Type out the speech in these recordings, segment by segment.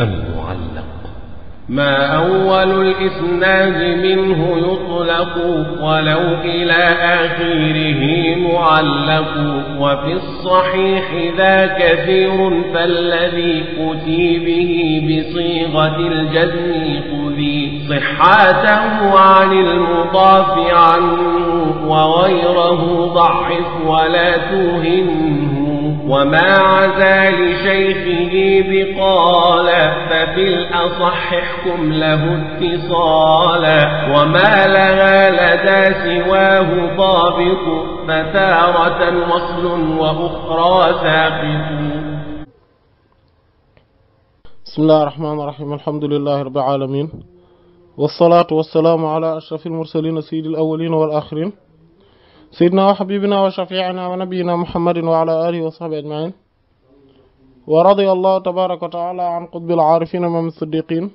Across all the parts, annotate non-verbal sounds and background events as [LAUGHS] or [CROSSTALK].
المعلق ما أول الإسناد منه يطلق ولو إلى آخره معلق وفي الصحيح ذا كثير فالذي أتي به بصيغة الجزم خذي صحته عن المضاف عنه وغيره ضعف ولا توهنه وما عزى لشيخه بقال ففي الأصح له اتصالا وما لها لدى سواه ضابط فتارة وصل وأخرى ساقط بسم الله الرحمن الرحيم الحمد لله رب العالمين والصلاة والسلام على أشرف المرسلين سيد الأولين والآخرين سيدنا وحبيبنا وشفيعنا ونبينا محمد وعلى آله وصحبه أجمعين ورضي الله تبارك وتعالى عن قطب العارفين ومن الصديقين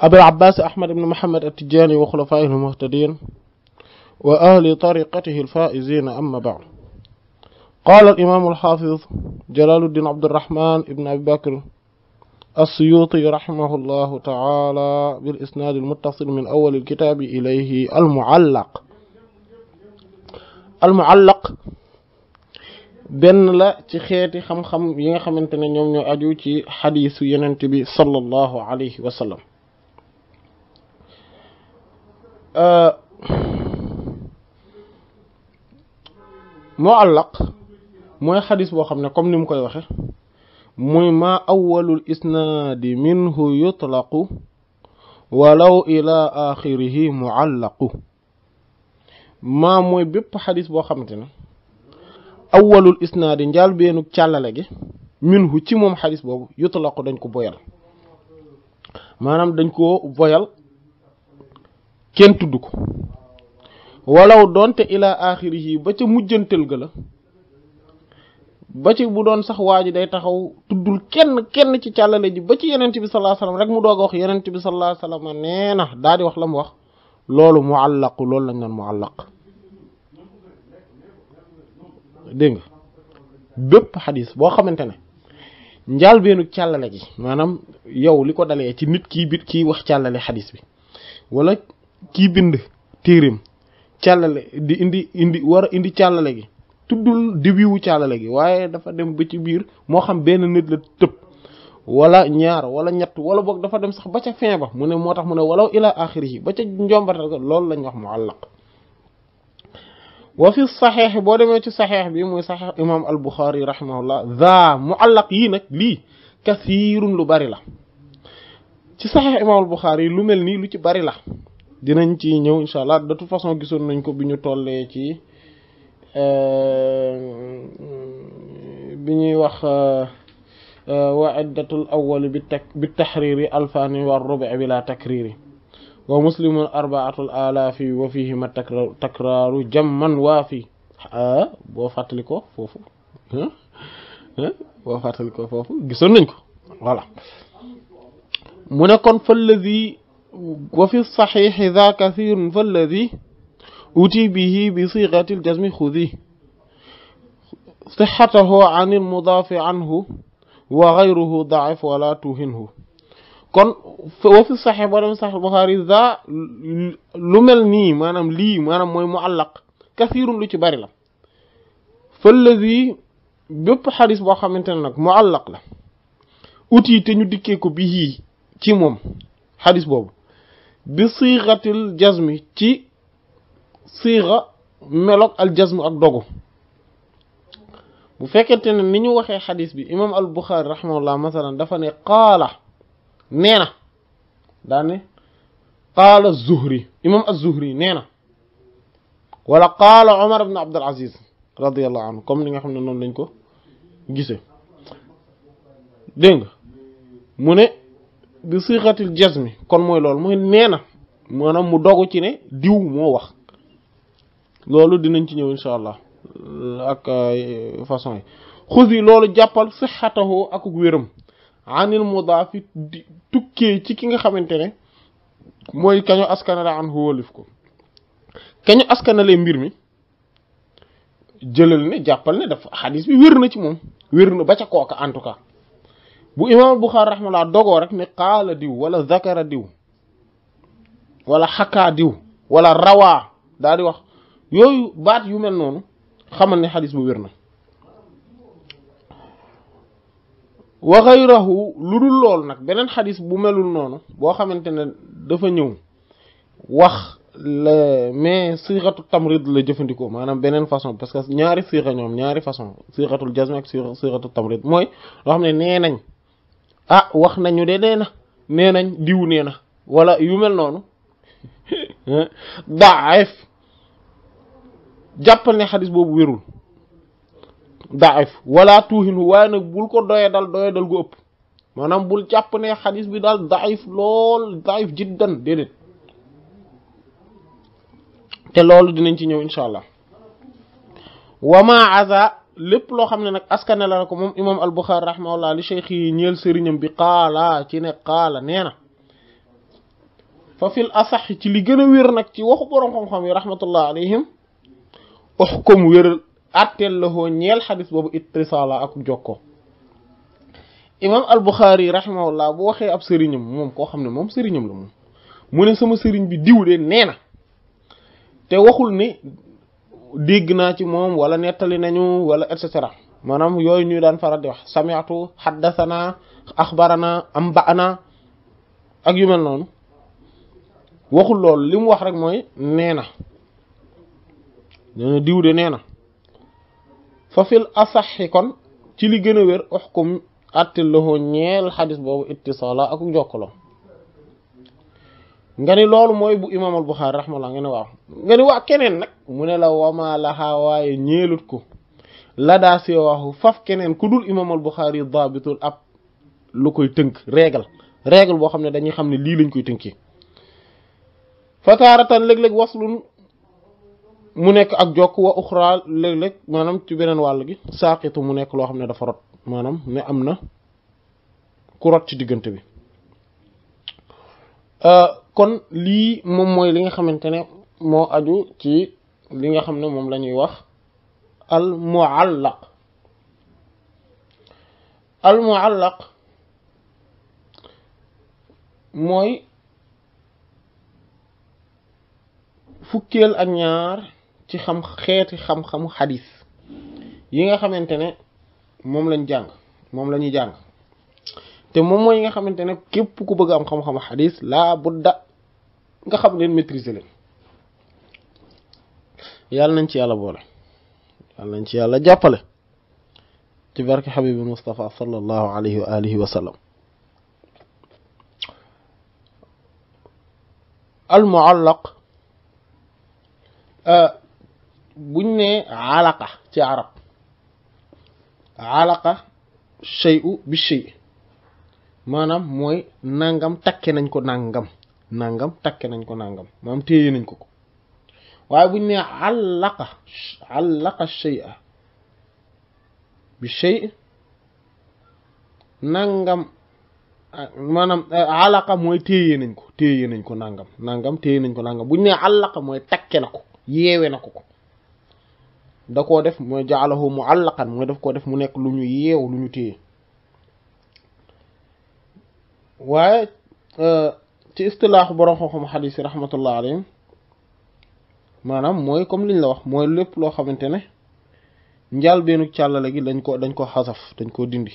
أبي العباس أحمد بن محمد التجاني وخلفائه المهتدين وأهل طريقته الفائزين أما بعد قال الإمام الحافظ جلال الدين عبد الرحمن بن أبي بكر السيوطي رحمه الله تعالى بالإسناد المتصل من أول الكتاب إليه المعلق المعلق بن لا تي خيتي خم خم ييغا خامتاني نيوم نيو اديو تي حديث يننت بي صلى الله عليه وسلم ا آه، معلق موي حديث بو خامني كوم نيم كوي واخه موي ما اول الاسناد منه يطلق ولو الى اخره معلق maa mooy bépp xadis boo xamante ne awwalul isnaadi njaal beenu càllale gi minhu ci moom xadis boobu yutlaqu dañ ko boyal maanaam dañ ko boyal kenn tudd ko walaw doonte ilaa axirihi ba ca mujjantal ga la ba ci bu doon sax waa ji day taxaw tuddul kenn kenn ci càllale ji ba ci yenent bi sallallahu alayhi wasallam rek mu doog a wax yenent bi sallallahu alayhi wasallam daa di wax la mu wax loolu muallaqu loolu lañ naan muallaq dégg nga bépp xadis boo xamante ne njaalbeenu càllale gi maanaam yow li ko dalee ci nit kii bit kii wax càllale xadis bi wala kii bind téereem càllale di indi indi war a indi càllale gi tuddul début wu càllale gi waaye dafa dem ba ci biir moo xam benn nit la tëb wala ñaar wala ñett wala boog dafa dem sax ba ca fin ba mu ne moo tax mu ne walaw ila axiri yi ba ca njombatal ga loolu lañ wax muallaq wa fi saxeex boo demee ci saxeex bi muy saxeex imam al buxaari rahimahullah za muallaq yii nag lii kasiirun lu bari la ci saxeex imam al buxaari lu mel nii lu ci bari la dinañ ci ñëw incha allah de toute façon gisoon nañ ko bi ñu tollee ci euh, bi ñuy wax euh, آه، وعدة الأول بالتحرير ألفان والربع بلا تكرير ومسلم أربعة الآلاف وفيهما تكرار جما وافي آه، وفاتلكو فوفو وفاتلكو فوفو جسون ننكو غلا منكن فالذي وفي الصحيح ذا كثير فالذي أتي به بصيغة الجزم خذي صحته عن المضاف عنه wa ghayruhu da'if wala tuhinhu kon wa fi saxee ba dem sax Buxaari za lu mel nii maanaam lii maanaam mooy allaq kasiirun lu ci bari la fallazi bépp xadis boo xamante ne nag muallaq la uti te ñu dikkee ko bii ci moom xadis boobu bi siixatil jazmi ci siixa meloog al jazm ak dogu bu fekkente ni ñu waxe hadith bi imam al buxaari rahimahullah masalan dafa ne qala neena dani qala zuhri imam az-zuhri neena wala qala umar ibn abd al aziz radiyallahu anhu comme ni nga xamne non lañ ko gisse deng nga mu ne bi sixatil jazmi kon moy lol moy neena manam mu dogu ci ne diw mo wax lolou dinañ ci ñëw inshallah Euh, ak euh, façon yi xus yi loolu jàppal sixatahu ak wéram anil mudaafi tukkee ci ki nga xamante ne mooy kañu askanale an huwalif ko kañu askanale mbir mi jëlal ne jàppal ne dafa xadis bi wér ci moom wér na ba ca kooka en tout cas bu imaam Buxaari raxmalaa rek ne qaala diw wala zakara diw wala xakaa diw wala rawaa daa di wax yooyu baat yu mel noonu xamal ne xadis bu wér na wa xayrahu lu dul loolu nag beneen xadis bu melul noonu boo xamante ne dafa ñëw wax la mais siixatu tamrid la jëfandikoo maanaam beneen façon parce que ñaari siixa ñoom ñaari façon siixatul jazm ak siixatu tamrid mooy loo xam ne nee nañ ah wax nañu de nee na nee nañ diw nee na wala yu mel noonu daif jàppal ne xadis boobu wérul daif wala tuuxinu waaye nag bul ko doye dal doye dal gu ëpp maanaam bul jàpp ne bi daal daif lool daif jiddan déedéet te loolu dinañ ci ñëw incha allah wama aza lépp loo xam ne nag askane la ko moom imam al buxaari rahimahullah li cheikh ñeel sëriñam bi qaala ci ne qaala nee na fa fil asax ci li gën a wér nag ci waxu borom xam-xam yi rahmatullah alayhim uxkum wéral àtteel lahoo ñeel xadis boobu ittisaala ak jokko imaam al-Buxaari rahimahullah bu waxee ab sëriñam moom koo xam ne moom sëriñam la moom mu ne sama sëriñ bi diw de nee na te waxul ni dégg naa ci moom wala nettali nañu wala et cetera maanaam yooyu ñuy daan faral di wax sami'tu xaddasana axbarana amba'ana ak yu mel noonu waxul loolu li wax rek mooy nee na nee na diw nee na fa fil asaxi kon ci li gën a wér uxkum àttil loxo ñeel xadis boobu ittisaala ak jokkaloo nga ni loolu mooy bu imaam al Buxaari raxmallaa nga ne waaw nga ni waa keneen nag mu ne la wama laxaa waaye ñeelut ko la daa si waxu faf keneen ku dul imaam al Buxaari daabitul ab lu koy tënk régal régal boo xam ne dañuy xam ne lii lañ koy tënkee fataaratan léeg-léeg waslun mu nekk ak jokk wa uxra léeg-léeg maanaam ci beneen wàll gi saaqitu mu nekk loo xam ne dafa rot maanaam ne am na ku rot ci diggante bi euh, kon lii moom mooy li nga xamante ne moo aju ci li nga xam ne moom lañuy wax al muallaq mooy fukkeel ak ñaar ci xam xeeti xam-xamu hadith yi nga xamantene mom lañu jàng mom lañu jàng te mom moy nga xamantene képp ku bëgg am xam-xamu hadith la budda nga xam leen maîtriser leen yàlla nañ ci yàlla boole yàlla nañ ci yàlla jàppale ci barke xabibi Mustafa sallallahu alayhi wa alihi wa sallam al muallaq buñ nee alaqa ci arab alaqa cheyu bi chey maanaam mooy nangam takke nañ ko nangam nangam takke nañ ko nangam maanaam téye nañ ko ko waaye buñ nee alaqa alaqa a bi chey nangam maanaam alaqa mooy téye nañ ko téye nañ ko nangam nangam téye nañ ko nangam buñ nee alaqa mooy takke na ko yeewe na ko ko da koo def mooy jaalahu muallaqan mu daf koo def mu nekk lu ñu yeew lu ñu téye waaye euh, ci istilaaxu borom xam-xam xadiis yi rahmatullah maanaam mooy comme liñ la wax mooy lépp loo xamante ne njaal beenu càllale gi dañ ko dañ ko xasaf dañ ko dindi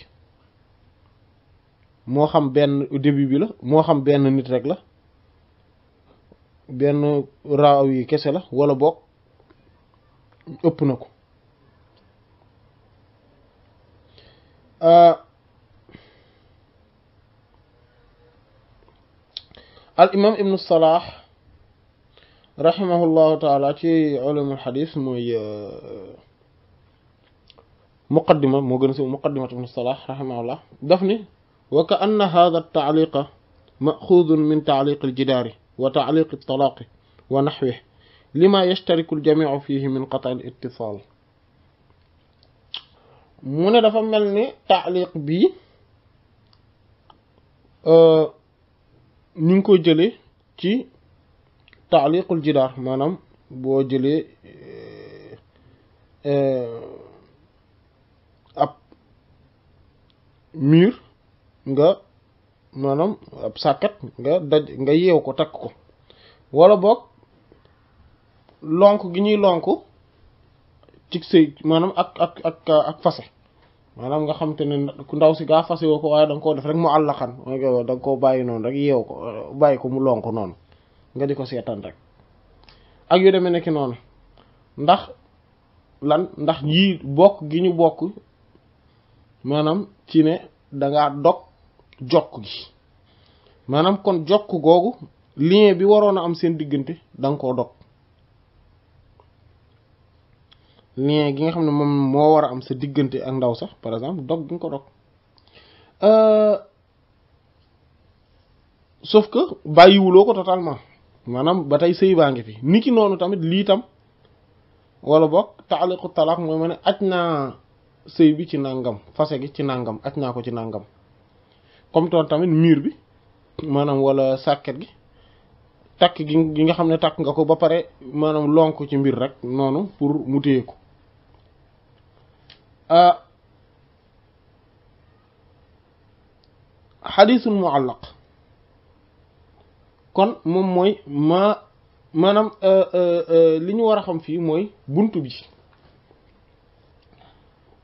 moo xam benn début bi la moo xam benn nit rek la benn raaw yi kese la wala bokk الإمام ابن الصلاح رحمه الله تعالى في علم الحديث مقدمة مقدمة مقدمة ابن الصلاح رحمه الله دفني وكأن هذا التعليق مأخوذ من تعليق الجدار وتعليق الطلاق ونحوه lima yashtariku ljamiu fihi min qata al ittisal mu ne dafa mel ni taaliq bii euh, ñu ngi ko jële ci taaliqul jidaar maanaam boo jëlee euh, euh, ab mur nga maanaam ab sàkket nga daj nga yeew ko takk ko wala boog lonk gi ñuy lonk ci sëy maanaam ak ak ak ak fase maanaam nga xam te ne ndaw si gaa fase woo ko waaye da nga koo def rek mu àllaxan da nga koo bàyyi noonu rek yeew ko bàyyi ko mu lonk noonu nga di ko seetaan rek ak yu demee nekk noonu ndax lan ndax yii bokk gi ñu bokk maanaam ci ne dangaa dog jokk gi maanaam kon jokk googu lien bi waroon a am seen diggante da nga koo dog nee gi nga xam ne moom moo war a am sa diggante ak ndaw sax par exemple dog gi nga ko dog euh, sauf que bàyyiwuloo ko totalement maanaam ba tey sëy baa ngi fi ni ki noonu tamit lii tam wala boog taaliqu talaak mooy ma ne aj naa sëy bi ci nàngam fase gi ci nàngam aj naa ko ci nàngam comme toon tamit miir bi maanaam wala sàkket gi takk gi nga xam ne takk nga ko ba pare maanaam lonk ci mbir rek noonu pour mu téye ko Euh, xadisul muallaq kon moom mooy ma maanaam euh, euh, li ñu war a xam fii mooy bunt bi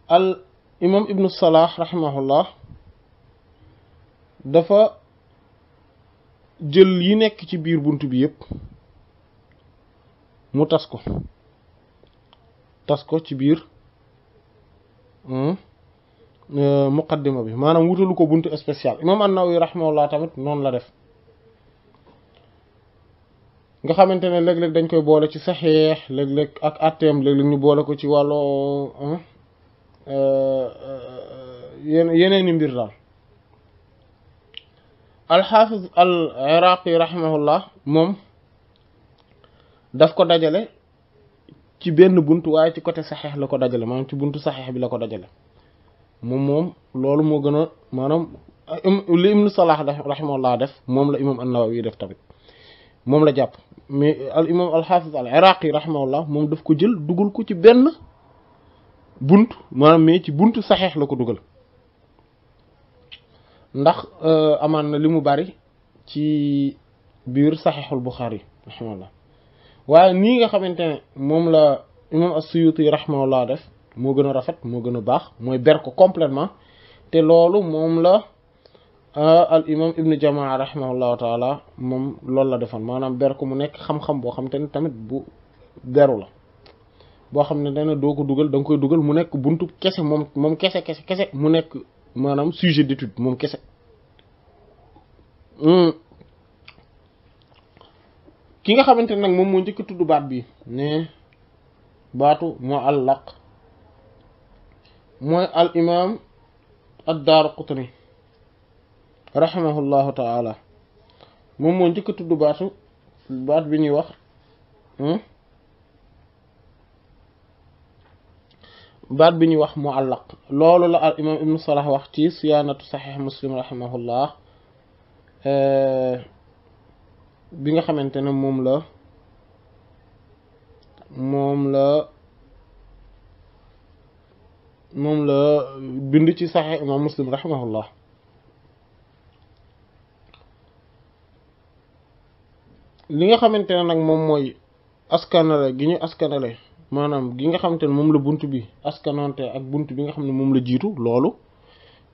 al imam ibnu salah rahimahullah dafa jël yi nekk ci biir bunt bi yépp mu tas ko tas ko ci biir Hmm? Euh, muqaddima bi maanaam wutalu ko bunt buntu spécial na an-Nawawi rahimahullah tamit noonu la def nga xamante ne léeg-léeg dañ koy boole ci saxeex léeg-léeg ak atteem léeg-léeg ñu boole ko ci wàllu hmm? euh, euh, yeneen yeneeni mbir daal alxaafiz al iraqi rahimahullah moom daf ko dajale ci benn bunt waaye ci côté saxeex la ko dajale maanaam ci buntu saxeex bi la ko dajale moom moom loolu moo gën a maanaam li ibnu Salah rahimahullah def moom la imam an-Nawawi def tamit moom la jàpp mais al imam al-Hafiz al-Iraqi rahimahullah moom daf ko jël dugal ko ci benn bunt maanaam mais ci bunt saxeex la ko dugal ndax euh, amaan na li mu bari ci biir saxeexul Bukhari rahimahullah waaye nii nga xamante ne moom la imam as-Suyuti rahimahullah def moo gën a rafet moo gën a baax mooy ber ko complètement te loolu moom la euh, al imam ibnu jamaa rahimahullahu taala moom loolu la defoon maanaam ber ko mu nekk xam-xam boo xam te ne tamit bu beru la boo xam ne dana doo ko dugal da nga koy dugal mu nekk buntu kese moom moom kese kese kese mu nekk maanaam sujet d'étude moom kese hmm. ki nga xamante ne nag moom moo njëkk tudd baat bi ne baatu muallaq mooy al imaam ad-Daaraqutni rahimahullahu taala moom moo njëkk tudd baatu baat bi ñuy wax hmm? baat bi ñuy wax muallaq loolu la al imaam ibnu Salah wax ci siyaanatu saxiix muslim rahimahullah eh, bi nga xamante ne moom la moom la moom la bind ci saxe imaam muslim rahimahullah li nga xamante ne nag moom mooy askanale gi ñu askanale maanaam gi nga xamante ne moom la bunt bi askanante ak bunt bi nga xam ne moom la jiitu loolu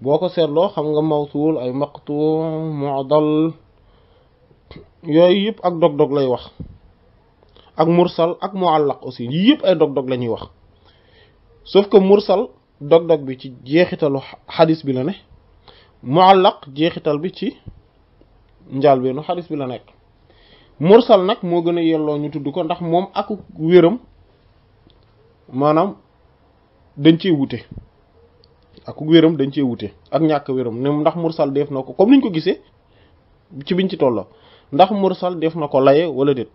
boo ko seetloo xam nga mawsuul ay maqtu mu'dal yooyu yëpp ak dog-dog lay wax ak mursal ak muallaq aussi yii yëpp ay dog-dog la ñuy wax sauf ko mursal dog-dog bi ci jeexitalu xadis bi la ne muallaq jeexital bi ci njaal njàlbeenu xadis bi la nekk mursal nag moo gën a yelloo ñu tudd ko ndax moom ak wéram maanaam dañ cee wute ak wéram dañ cee wute ak ñàkk wéram ne ndax mursal def na ko comme niñ ko gisee ci biñ ci tolloo ndax mursal def na ko laye wala déet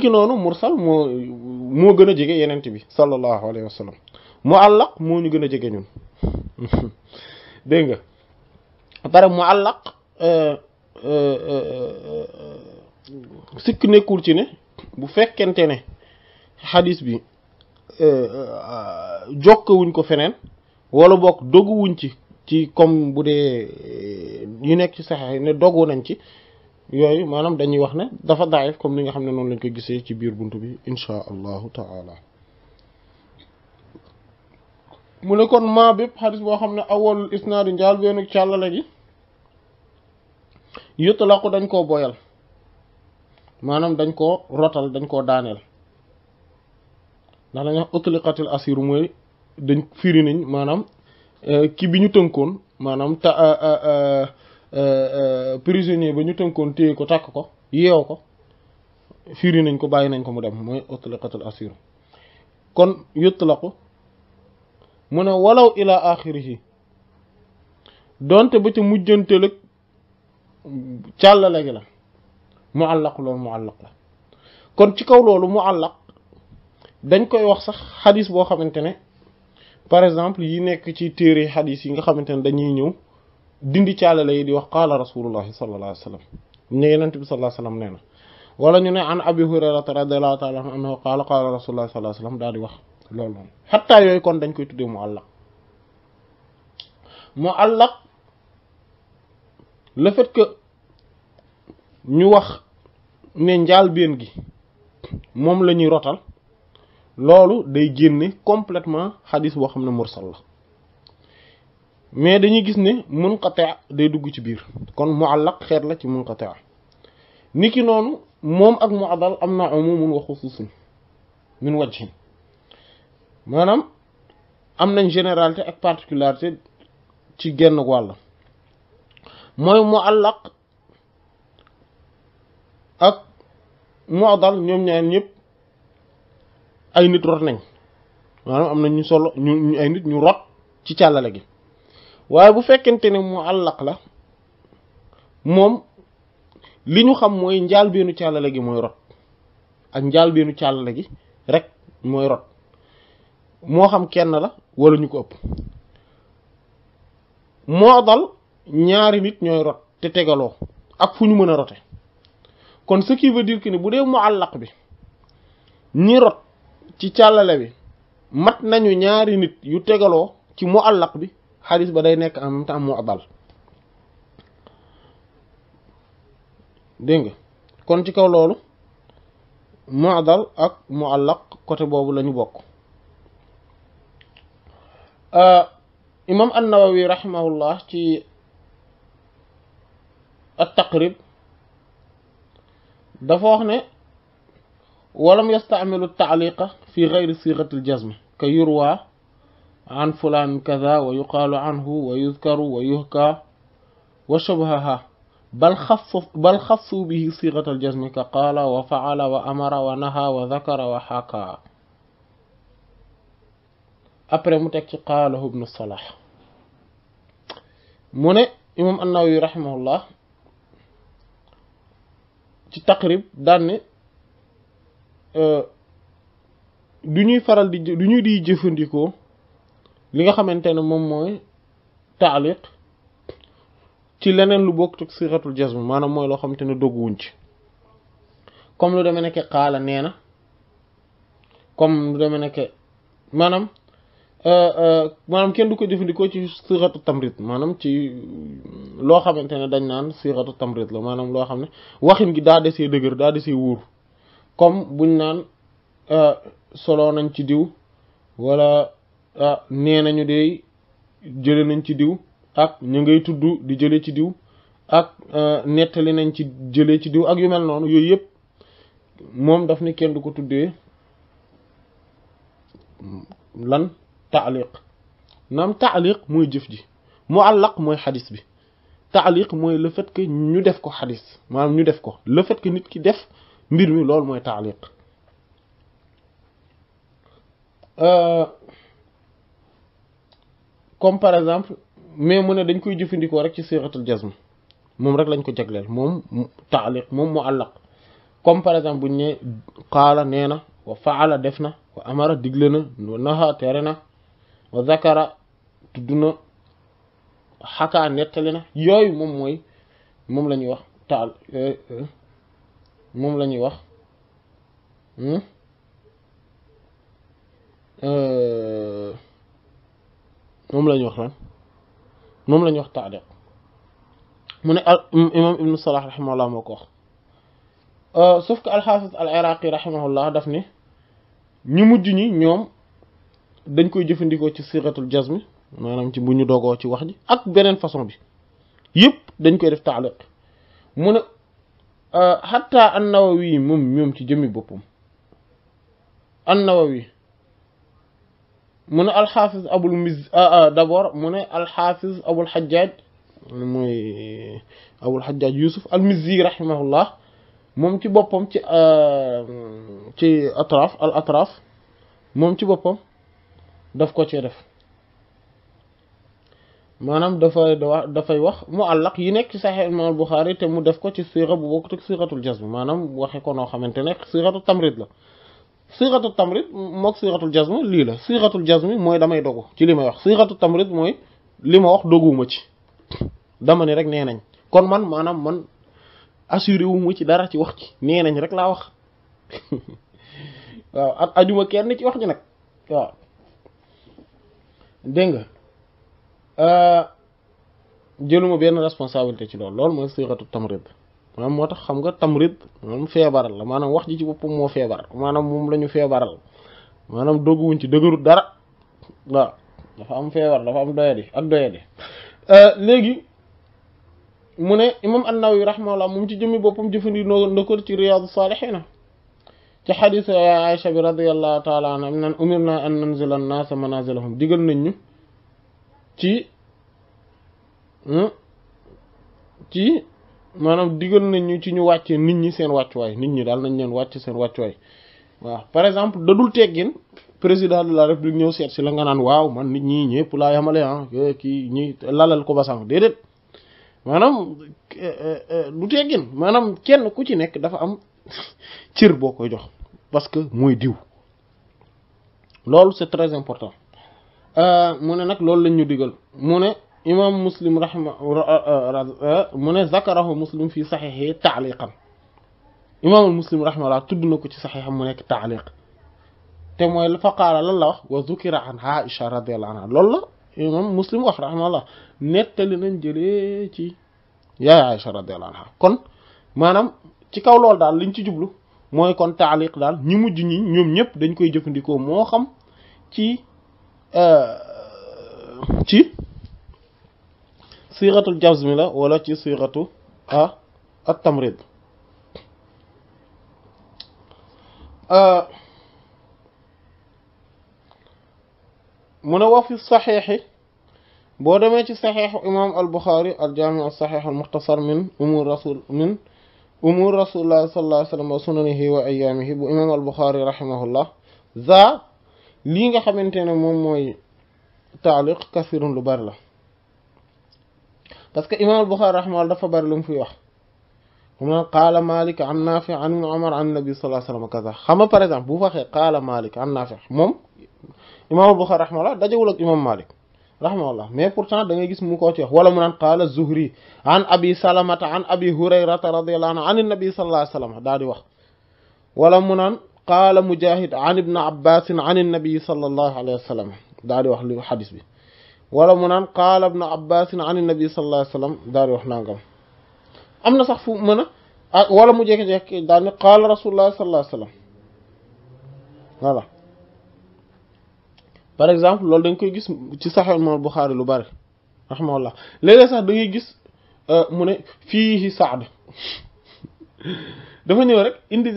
ki noonu mursal moo moo gën a jege yenent bi sallallahu alayhi wa sallam mu àllaq moo ñu gën a jege ñun [LAUGHS] dégg nga pare mu àllaq euh, euh, euh, sikk nekkul ci ne bu fekkente ne xadis bi jokkewuñ ko feneen wala boog doguwuñ ci ci comme bu dee yu nekk ci saxex ne dogu nañ ci yooyu maanaam dañuy wax ne dafa daif comme ni nga xam ne noonu lañ ko gisee ci biir bunt bi inchaa allahu taala mu ne kon maa bépp xadis boo xam ne awalul isnaadu njaal beenu càllale gi yutlaqu dañ koo boyal maanaam dañ koo rotal dañ koo daaneel ndax dañ wax utliqatil asiru mooy dañ firi nañ maanaam eh, ki bi ñu tënkoon maanaam ta eh, eh, Euh, euh, prisonnier ba ñu tënkoon téye ko takk ko yeew ko firi nañ ko bàyyi nañ ko mu dem mooy utliqatul asir kon yutlaqu mu ne walaw ila axirihi donte ba ca mujjantel ak càllale gi la muallaq loolu muallaq la kon ci kaw loolu mu muallaq dañ koy wax sax xadis boo xamante ne par exemple yi nekk ci téere xadis yi nga xamante ne dañuy ñëw dindi caalale yi di wax qaala rasulullahi sallallahu alayhi wa sallam ne bi sallallahu alayhi nee na wala ñu ne an abi hurayrata radiyallahu taala anhu annahu qaala qaala rasulullahi sallallahu alayhi daal di wax loolu noonu xataa yooyu kon dañ koy tuddee mu àllaq mu àllaq le fait ñu wax ne njaalbeen gi moom la ñuy rotal loolu day génne completement xadis boo xam ne mursal la mais dañuy gis ne munqati' day dugg ci biir kon mu mu'allaq xeet la ci munqati' ki noonu moom ak mu mu'dal am na umumun wa xususun min wajhin maanaam am nañ généralité ak particularité ci genn wàll mooy mu'allaq ak mu'dal ñoom ñaan ñëpp ay nit rot nañ maanaam am na ñu solo ñu ay nit ñu rot ci càllale gi waaye bu fekkente ni mu àllaq la moom li ñu xam mooy njaal beenu càllale gi mooy rot ak njaal beenu càllale gi rek mooy rot moo xam kenn la wala ñu ko ëpp moo dal ñaari nit ñooy rot te tegaloo ak fu ñu mën a rote kon ce qui veut bu dee mu àllaq bi ñi rot ci càllale bi mat nañu ñaari nit yu tegaloo ci mu àllaq bi hadith ba day nek en même temps mu'dal deng kon ci kaw lolu mu'dal ak mu'allaq côté bobu lañu bok bokk imam an-Nawawi rahimahullah ci at-Taqrib dafa wax ne walam yasta'milu at-ta'liqa fi ghayri sighati al-jazm ka عن فلان كذا ويقال عنه ويذكر ويهكى وشبهها بل خصوا بل خصوا به صيغة الجزم كقال وفعل وأمر ونهى وذكر وحكى أبري متك قاله ابن الصلاح من إمام أنه رحمه الله ci taqrib dan euh duñuy faral di duñuy di li nga xamante ne moom mooy taaliq ci leneen lu bokk ci siratul jazm maanaam mooy loo xamante ne dogguwuñ ci comme lu demee nekk xaala nee na comme lu demee nekk maanaam euh, euh, maanaam kenn du koy jëfandikoo ci siratu tamrit maanaam ci loo xamante ne dañ naan siratu tamrit la maanaam loo xam ne waxin gi daa desee dëgër daa desee wóor comme buñ naan euh, soloo nañ ci diw wala Ah, nee nañu de jële nañ ci diw ak ñu ngay tudd di jële ci diw ak ah, nettali nañ ci jële ci diw ak yu mel noonu yooyu yëpp moom daf ni kenn du ko tuddee lan taaliq naam taaliq mooy jëf ji muallaq mooy xadis bi taaliq mooy le fait ñu def ko xadis maanaam ñu def ko le fait nit ki def mbir mi loolu mooy taaliq ah, comme par exemple mais mu ne dañ koy jëfandikoo rek ci siratul jazm moom rek lañ ko jagleel moom taaliq moom mu àllaq comme par exemple buñ ne qaala nee na wa faala def na wa amara digle na wa naha tere na wa zakara tudd na xakaa nettali na yooyu moom mooy moom la ñuy wax taal euh, euh, moom la ñuy wax hmm? euh mom lañ wax lan mom lañ wax ta'liq mune imam ibn salah rahimahullah moo wax euh sauf que al alxaafis al iraqi rahimahullah daf ni ñu mujj ñi ñom dañ koy jëfëndiko ci siratul jazm manam ci buñu dogo ci wax ji ak benen façon bi yëpp dañ koy def ta'liq mune euh hatta an nawawi mum ñom ci jëmi bopum an nawawi من الحافظ ابو المز اه دابور من الحافظ ابو الحجاج موي ابو الحجاج يوسف المزي رحمه الله موم تي بوبام تي ا تي اطراف الاطراف موم تي بوبام داف كو تي داف مانام دافا دافاي واخ معلق يي نيك صحيح امام البخاري تي مو داف كو تي صيغه بوكو تي صيغه الجزم مانام واخي كو نو خامتاني صيغه التمريض لا siixatu tamrit mook siixatul jazm lii la siixatul jazm mooy damay dogu ci li may wax siixatu tamrit mooy li ma wax doguwuma ci dama ne rek nee nañ kon man maanaam man assuré wu ci dara ci wax ci nee nañ rek laa wax [LAUGHS] waaw at ajuma kenn ci wax ji nag waaw dégg nga euh, jëluma benn responsabilité ci loolu loolu mooy siixatu tamrit maanaam moo tax xam nga tamrit maanaam feebaral la maanaam wax ji ci boppam moo feebar maanaam moom lañu ñu feebaral maanaam dogguwuñ ci dëgërut dara waaw dafa am feebar dafa am doyadi ak euh, léegi mu ne imam an-Nawawi rahimahullah moom ci jëmmi boppam jëfandikoo na ko ci Riyadu Saalihiina ci xadiis Aïcha bi radiyallahu taala anha naan umirna an nanzila an-naasa manaazilahum digal nañ ñu ci hmm, ci maanaam digal nañ ñu ci ñu wàccee nit ñi seen wàccuwaay nit ñi daal nañu leen wàcc seen wàccuwaay waaw par exemple dadul teggin président de la république ñëw seet si la nga naan waaw man nit ñi ñëpp laa yamale ah kii ñi lalal ko basang déedéet maanaam eh, eh, eh, du teggin maanaam kenn ku ci nekk dafa am [LAUGHS] cër boo koy jox parce que mooy diw loolu c'est très important euh, mu ne nag loolu lañ ñu digal mu ne إمام مسلم رحمة من ذكره مسلم في صحيحه تعليقا إمام المسلم رحمه الله تبنى كتير صحيح من هيك تعليق تم الفقر على الله وذكر عن عائشة رضي الله عنها لله إمام مسلم رحمه الله نتل ننجلي يا عائشة رضي الله عنها كن ما نم تكاو لول دال لين تجبلو موي كون تعليق دال نيمو جيني نيوم نيب دنج كوي جيفنديكو مو خام تي ا تي صيغة الجزم لا ولا صيغة التمريض من في الصحيح بودمي صحيح إمام البخاري الجامع الصحيح المختصر من أمور رسول من أمور رسول الله صلى الله عليه وسلم وسننه وأيامه بإمام البخاري رحمه الله ذا لينغا خامتيني موم موي كثير لبرله parce que imaam al-Buxaari rahimahullah dafa bari lu mu wax mu naan Malik an Naafi an ibn Umar an nabi sallallahu alayhi wa kaza xam nga par exemple bu waxee qaala Malik an Naafi moom imaam al-Buxaari rahimahullah dajewul ak imaam Malik rahimahullah mais pourtant da ngay gis mu ko ci wax wala mu naan qaala Zuhri an abi salamata an abi hurayrata radiyallahu anhu an nabi sallallahu alayhi wa sallam wax wala mu naan qaala Mujahid an ibn Abbas an nabi sallallahu alayhi wa sallam wax li xadis bi wala mu naan qaala ibnu abbas an nabi sallallahu alayhi wa sallam wax nangam am na sax fu mën a ah wala mu jékki-jékki daal ni qaala rasulullah sallallahu alayhi par exemple loolu dañ koy gis ci saxee moom Buxaari lu bari rahmaallah léeg-léeg sax da gis euh, mu ne fiihi Saad [LAUGHS] dafa ñëw rek indi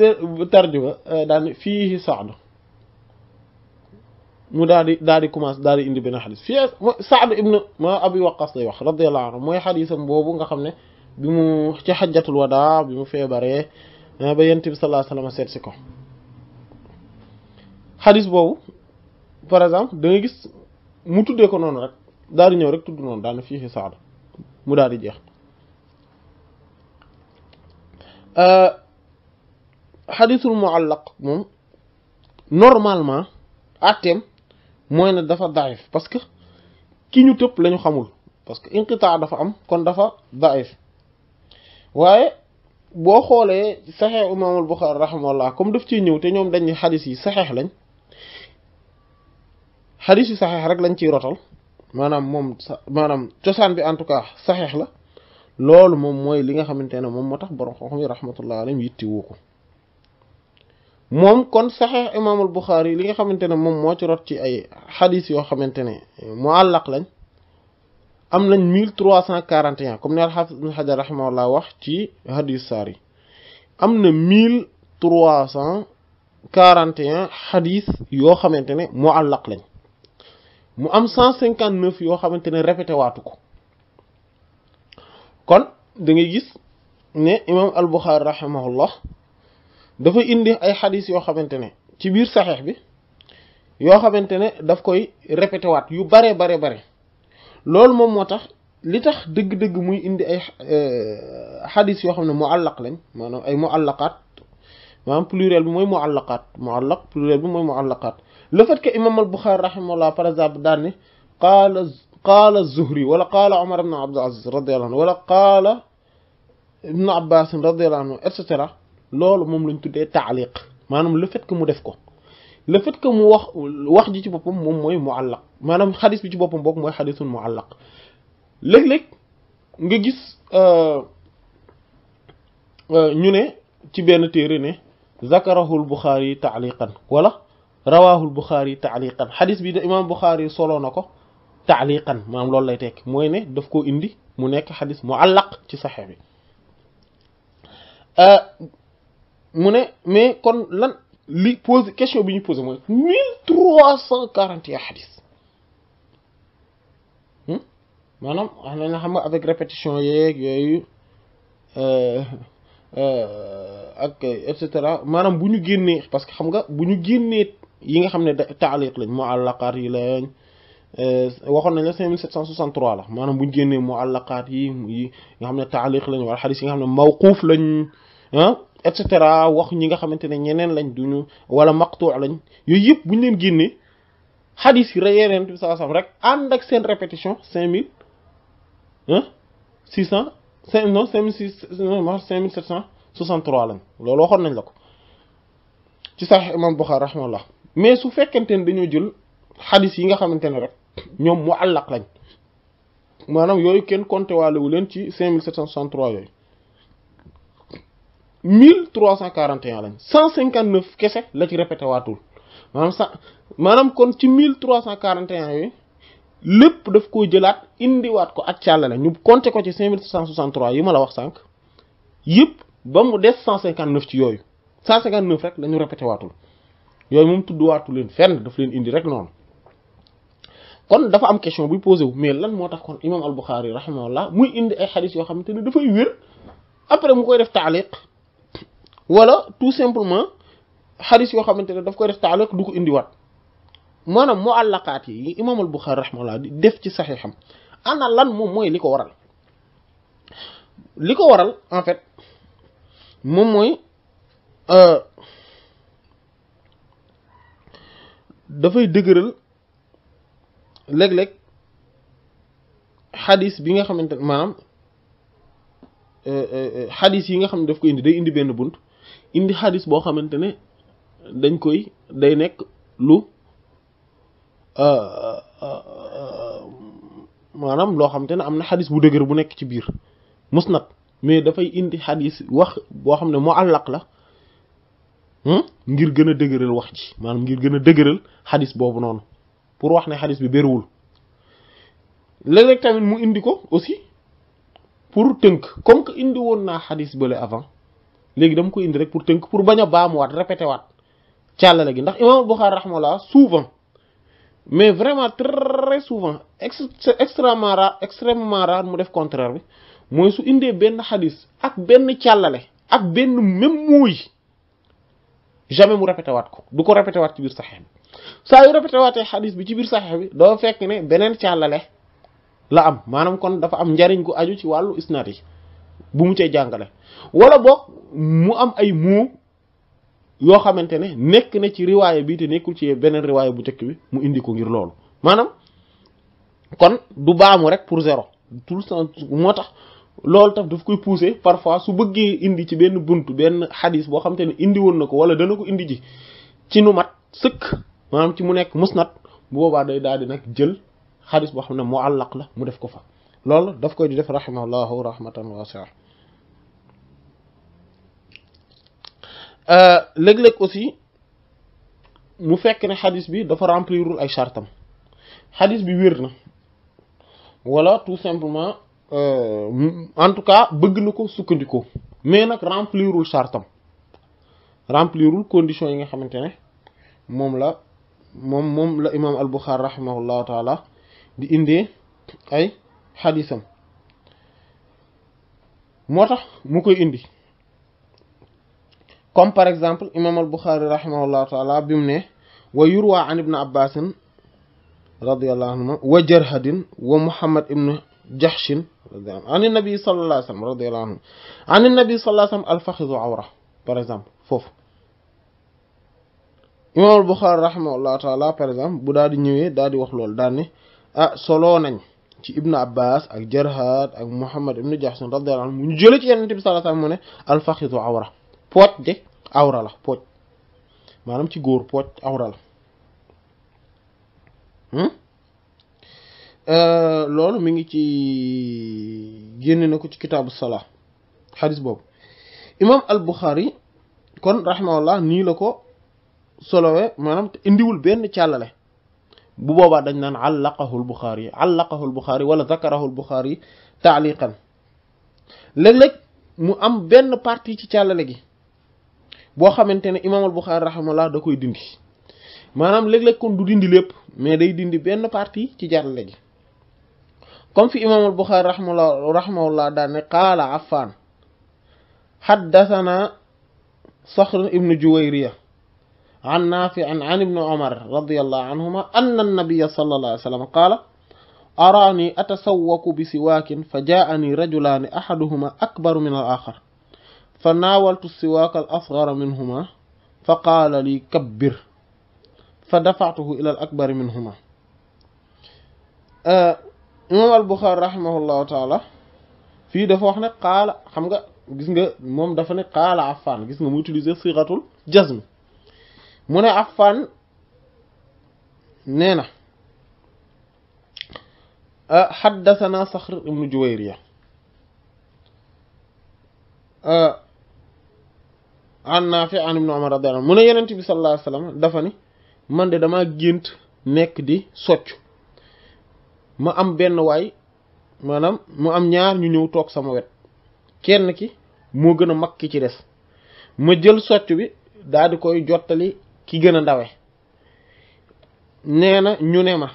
tarjuma euh, daal ni fiihi Saad mu dadi dadi commencé dadi indi ben hadith fi sa'd ibn ma Abi waqas lay wax radiyallahu anhu moy haditham bobu nga xamne bimu ci hajjatul wada bimu febare ba yantib sallallahu alayhi wasallam seet si ko hadith bobu par exemple da nga gis mu tuddé ko non rek dadi ñëw rek tuddu non daal na sa'd mu dadi jeex euh hadithul muallaq mom normalement atem moy na dafa daif parce que ki ñu tëpp lañu xamul parce que inqita dafa am kon dafa daif waaye boo xoolee saxeex imaamul bukhari rahmalahu comme daf ci ñëw te ñom dañ ni hadith yi sahih lañ hadith sahih rek lañ ci rotal manam mom manam cosaan bi en tout cas sahih la lool mom moy li nga xamantene mom motax borom xam-xam yi rahmatullah alayhim yittewoo ko mom kon sahih imam al bukhari li nga xamantene mom mo ci rot ci ay hadith yo xamantene muallaq lañ am lañ 1341 comme nal hafiz Ibn hadar rahimahullah wax ci hadith sari yi am na mille trois cent quarante muallaq lañ mu am 159 yo xamantene répété watuko kon da ngay gis ne imam al bukhari rahimahullah da fay indi ay hadith yo xamantene ci bir sahih bi yo xamantene daf koy répéter wat yu bare bare bare lol mom motax li tax deug deug muy indi ay xadis yoo xam ne muallaq lañ manam ay muallaqat manam pluriel bi moy muallaqat muallaq pluriel bi moy muallaqat le fait que imam al bukhari rahimahullah par exemple dani qala qaala qaala Zuhri wala qaala Omar ibn Abdul Aziz radiyallahu anhu wala qaala ibn Abbas radiyallahu anhu et cetera lolu mom lañ tuddé ta'liq manam le fait que mu def ko le fait que mu wax wax ji ci bopam mom moy muallaq manam hadith bi ci bopam bok moy hadithun muallaq leg leg nga gis euh euh ñu ne ci ben téré ne zakarahu al-bukhari ta'liqan wala rawahu al-bukhari ta'liqan hadith bi da imaam buxaari soloo na ko taaliqan maanaam lay tek moy ne daf ko indi mu nek hadith muallaq ci sahih bi mune mais kon lan li pose question biñu ñu posé mooy mille trois cent quarante et un xam avec répétition euh euh ak et cetera manam buñu guenné parce que xam nga buñu guenné yi nga xamné ta'liq lañ mu'allaqat yi lañ euh waxon nañ la 5763 la manam buñu guenné mu'allaqat yi yi nga xamné ta'liq lañ wala hadith yi nga xamné mawquf lañ ah et cetera wax ñi nga xamantene ñeneen lañ duñu wala maqtu' lañ yoy yep buñ leen genné hadith yi rayé yenen tou sallam rek and ak seen répétition 5000 hein 600 5 non 5600 non 5763 lañ lolu waxon nañ lako ci sax imam bukhari rahmalah mais su fekkenteene dañu jël hadith yi nga xamantene rek ñom mu'allaq lañ manam yoy kenn compté walé wu ci 5763 yoy 1341 lañ 159 kessé la ci répété watul manam manam kon ci 1341 yi lepp daf jëlat indi wat ko ak càllale ñu compter ko ci 5763 yi ma la wax sank yépp ba mu des 159 ci yoy. 159 rek lañu répété watul yoy mum tuddu watul leen fenn daf leen indi rek non kon dafa am question buy posé wu mais lan moo tax kon imam al Bukhari rahimahullah muy indi ay hadith yo xamante ne dafay wër après mu koy def ta'liq wala tout simplement xadis yoo xamante ne daf koy def taaliq du ko indiwaat maanaam mu àllaqaat yi imaam al Buxaari rahimahullah di def ci saxee saxiixam ana lan moom mooy li ko waral li ko waral en fait moom mooy euh, dafay dëgëral léeg-léeg xadis bi nga xamante ne maanaam xadis euh, euh, yi nga xam ne daf ko indi day indi benn bunt indi hadis bo xamantene dañ koy day nek lu euh loo xamante ne am na xadis bu dëgër bu nek ci bir musnad mais da fay indi hadis wax bo xamne ne muallaq la hmm ngir gëna a wax ci manam ngir gëna a hadis bobu non pour wax ne hadis bi bëriwul léeg-léeg tamit mu indi ko aussi pour teunk comme que indi won na hadis bële avant léegi dama ko indi rek pour tënk pour bañ a baamuwaat répété waat càllale gi ndax imam Buxaari rahmallah souvent mais vraiment très souvent c'est extrêmement mu def contraire bi mooy su indee benn xadis ak benn càllale ak benn même mooy jamais mu répété waat ko du ko répété waat ci biir saxeex bi saa yu répété waatee xadis bi ci biir saxeex bi doo fekk ne beneen càllale la am maanaam kon dafa am njariñ ko aju ci wàllu isnaad yi bu mu cay jàngale wala boog mu am ay muu yoo xamante ne nekk na ci riwaaya bi te nekkul ci beneen riwaaya bu njëkk bi mu indi ko ngir loolu maanaam kon du baamu rek pour zéro tout le temps moo tax loolu tax daf koy pousser parfois su bëggee indi ci benn bunt benn xadis boo xamante ne indi woon na ko wala dana ko indi ji ci nu mat sëkk maanaam ci mu nekk musnad bu boobaa day daal di nag jël xadis boo xam ne muallaq la mu def ko fa loolu daf koy di def rahimahullahu rahmatan wasia léeg-léeg aussi mu fekk ne xadis bi dafa remplirul ay chartam xadis bi wér na wala tout simplement en tout cas bëgg na ko sukkandikoo mais nag remplirul chartam remplirul condition yi nga xamante ne moom la moom moom la imaam al Buxaari rahimahullahu taala di indee ay xadisam moo tax mu koy indi comme par exemple imam al Buxaari rahimahullahu taala bi mu ne wa yurwa an ibn abbasin radiallahu anhuma wa jarhadin wa muhammad ibn jahshin radiyallahu an nabi an nabi sallallahu al faxidu awra par exemple foofu imam al Buxaari rahimahullahu taala par exemple bu daal di ñëwee daal di wax loolu daal ne ah, nañ ci ibnu abbas ak jarhad ak muhammad ibnu jahsin radiyallahu anhu mu ñu jële ci yenente bi sallallahu alayhi mu ne alfaxitu awra pooj de awra la pooj maanaam ci góor pooj awra la hmm? euh, loolu mi ngi ci génne na ko ci kitaabu salaa xadis boobu imam al buxaari kon rahimahullah nii la ko solowe maanaam te indiwul benn càllale bu boobaa dañ naan allaqahu al-Bukhari allaqahu al-Bukhari wala zakarahu al-Bukhari taaliqan léeg-léeg mu am benn partie ci càllale gi boo xamante ne imaam al-Bukhari rahimahullah da koy dindi maanaam léeg-léeg kon du dindi lépp mais day dindi benn partie ci càllale gi comme fi imaam al-Bukhari rahimahullah rahimahullah daan ne qaala Affaan haddathana Saxr ibn Juwayriya عن نافع عن ابن عمر رضي الله عنهما أن النبي صلى الله عليه وسلم قال أراني أتسوق بسواك فجاءني رجلان أحدهما أكبر من الآخر فناولت السواك الأصغر منهما فقال لي كبر فدفعته إلى الأكبر منهما imam آه، البخاري رحمه الله تعالى في dafa قال ne qaala xam nga gis nga moom dafa ne qaala Affan mu ne Affan nee na xaddathana ah, Saxr ibnu Juwayriya ah, an Naafi an ibnu Umar radiyallahu anhu mu ne Yonent bi sallallahu alayhi wa dafa ni man de damaa gént nekk di soccu ma am benn waay maanaam mu am ñaar ñu ñëw toog sama wet kenn ki moo gën a mag ki ci des ma jël soccu bi daal di koy jottali ki gën a ndawe nee na ñu ne ma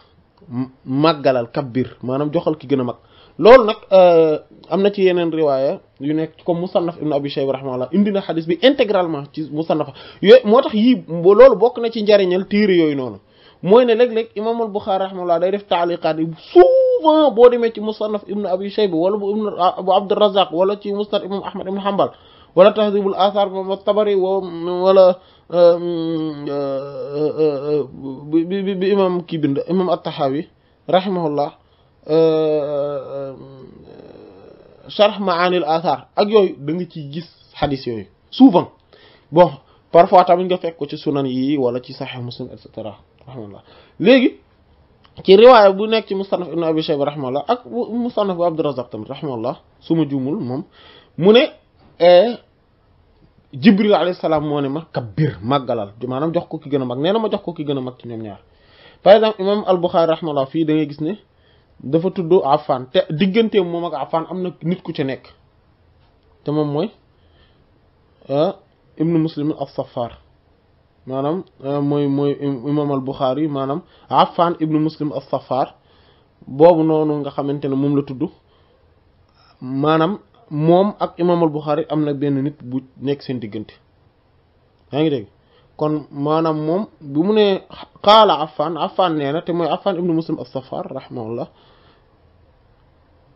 màggalal kabbir maanaam joxal ki gën a mag loolu nag euh, am na ci yeneen riwaaya yu nekk comme musannaf ibn abi shayba rahimahullah indi na xadis bi intégralement ci musannafa yooyu moo tax yii loolu bokk na ci njariñal téere yooyu noonu mooy ne léeg-léeg imaamul buxaari rahimahullah day def taaliqaat yi souvent boo demee ci musannaf ibn abi shayba wala bu ibn ah, bu abdurazaq wala ci musnad imam ahmad ibn hanbal ولا تهذب الآثار من الطبري ولا آه، آه، آه، بإمام كيبند إمام الطحاوي رحمه الله شرح معاني الآثار أجيو بنتي جيس حديث يوي سوفن بون بارفوا تامن جا فيكو تي سنن يي ولا تي صحيح مسلم اتسترا رحمه الله لغي ci riwaya bu nek ci mustanaf ibn abi shayb rahmalahu ak mustanaf abd rahman rahmalahu suma jumul mom mune e jibril alayhi salaam moo ne ma kabbir màggalal maanaam jox ko ki gën a mag nee na ma jox ko ki gën a mag ci ñoom ñaar par exemple imam al-Bukhari rahmallah fii dangay gis ne dafa tudd Affan te digganteem moom ak Affan am na nit ku ci nekk te moom mooy e, ibnu muslim as-Saffar maanaam e, mooy mooy imam al-Bukhari maanaam Affan ibnu muslim as-Saffar boobu noonu nga xamante ne moom la tudd maanaam moom ak imaamal Buxaari am na benn nit bu nekk seen diggante yaa ngi dégg kon maanaam moom bu mu ne qaala Affan Affan nee na te mooy Affan ibnu Muslim as-Saffar rahimahullah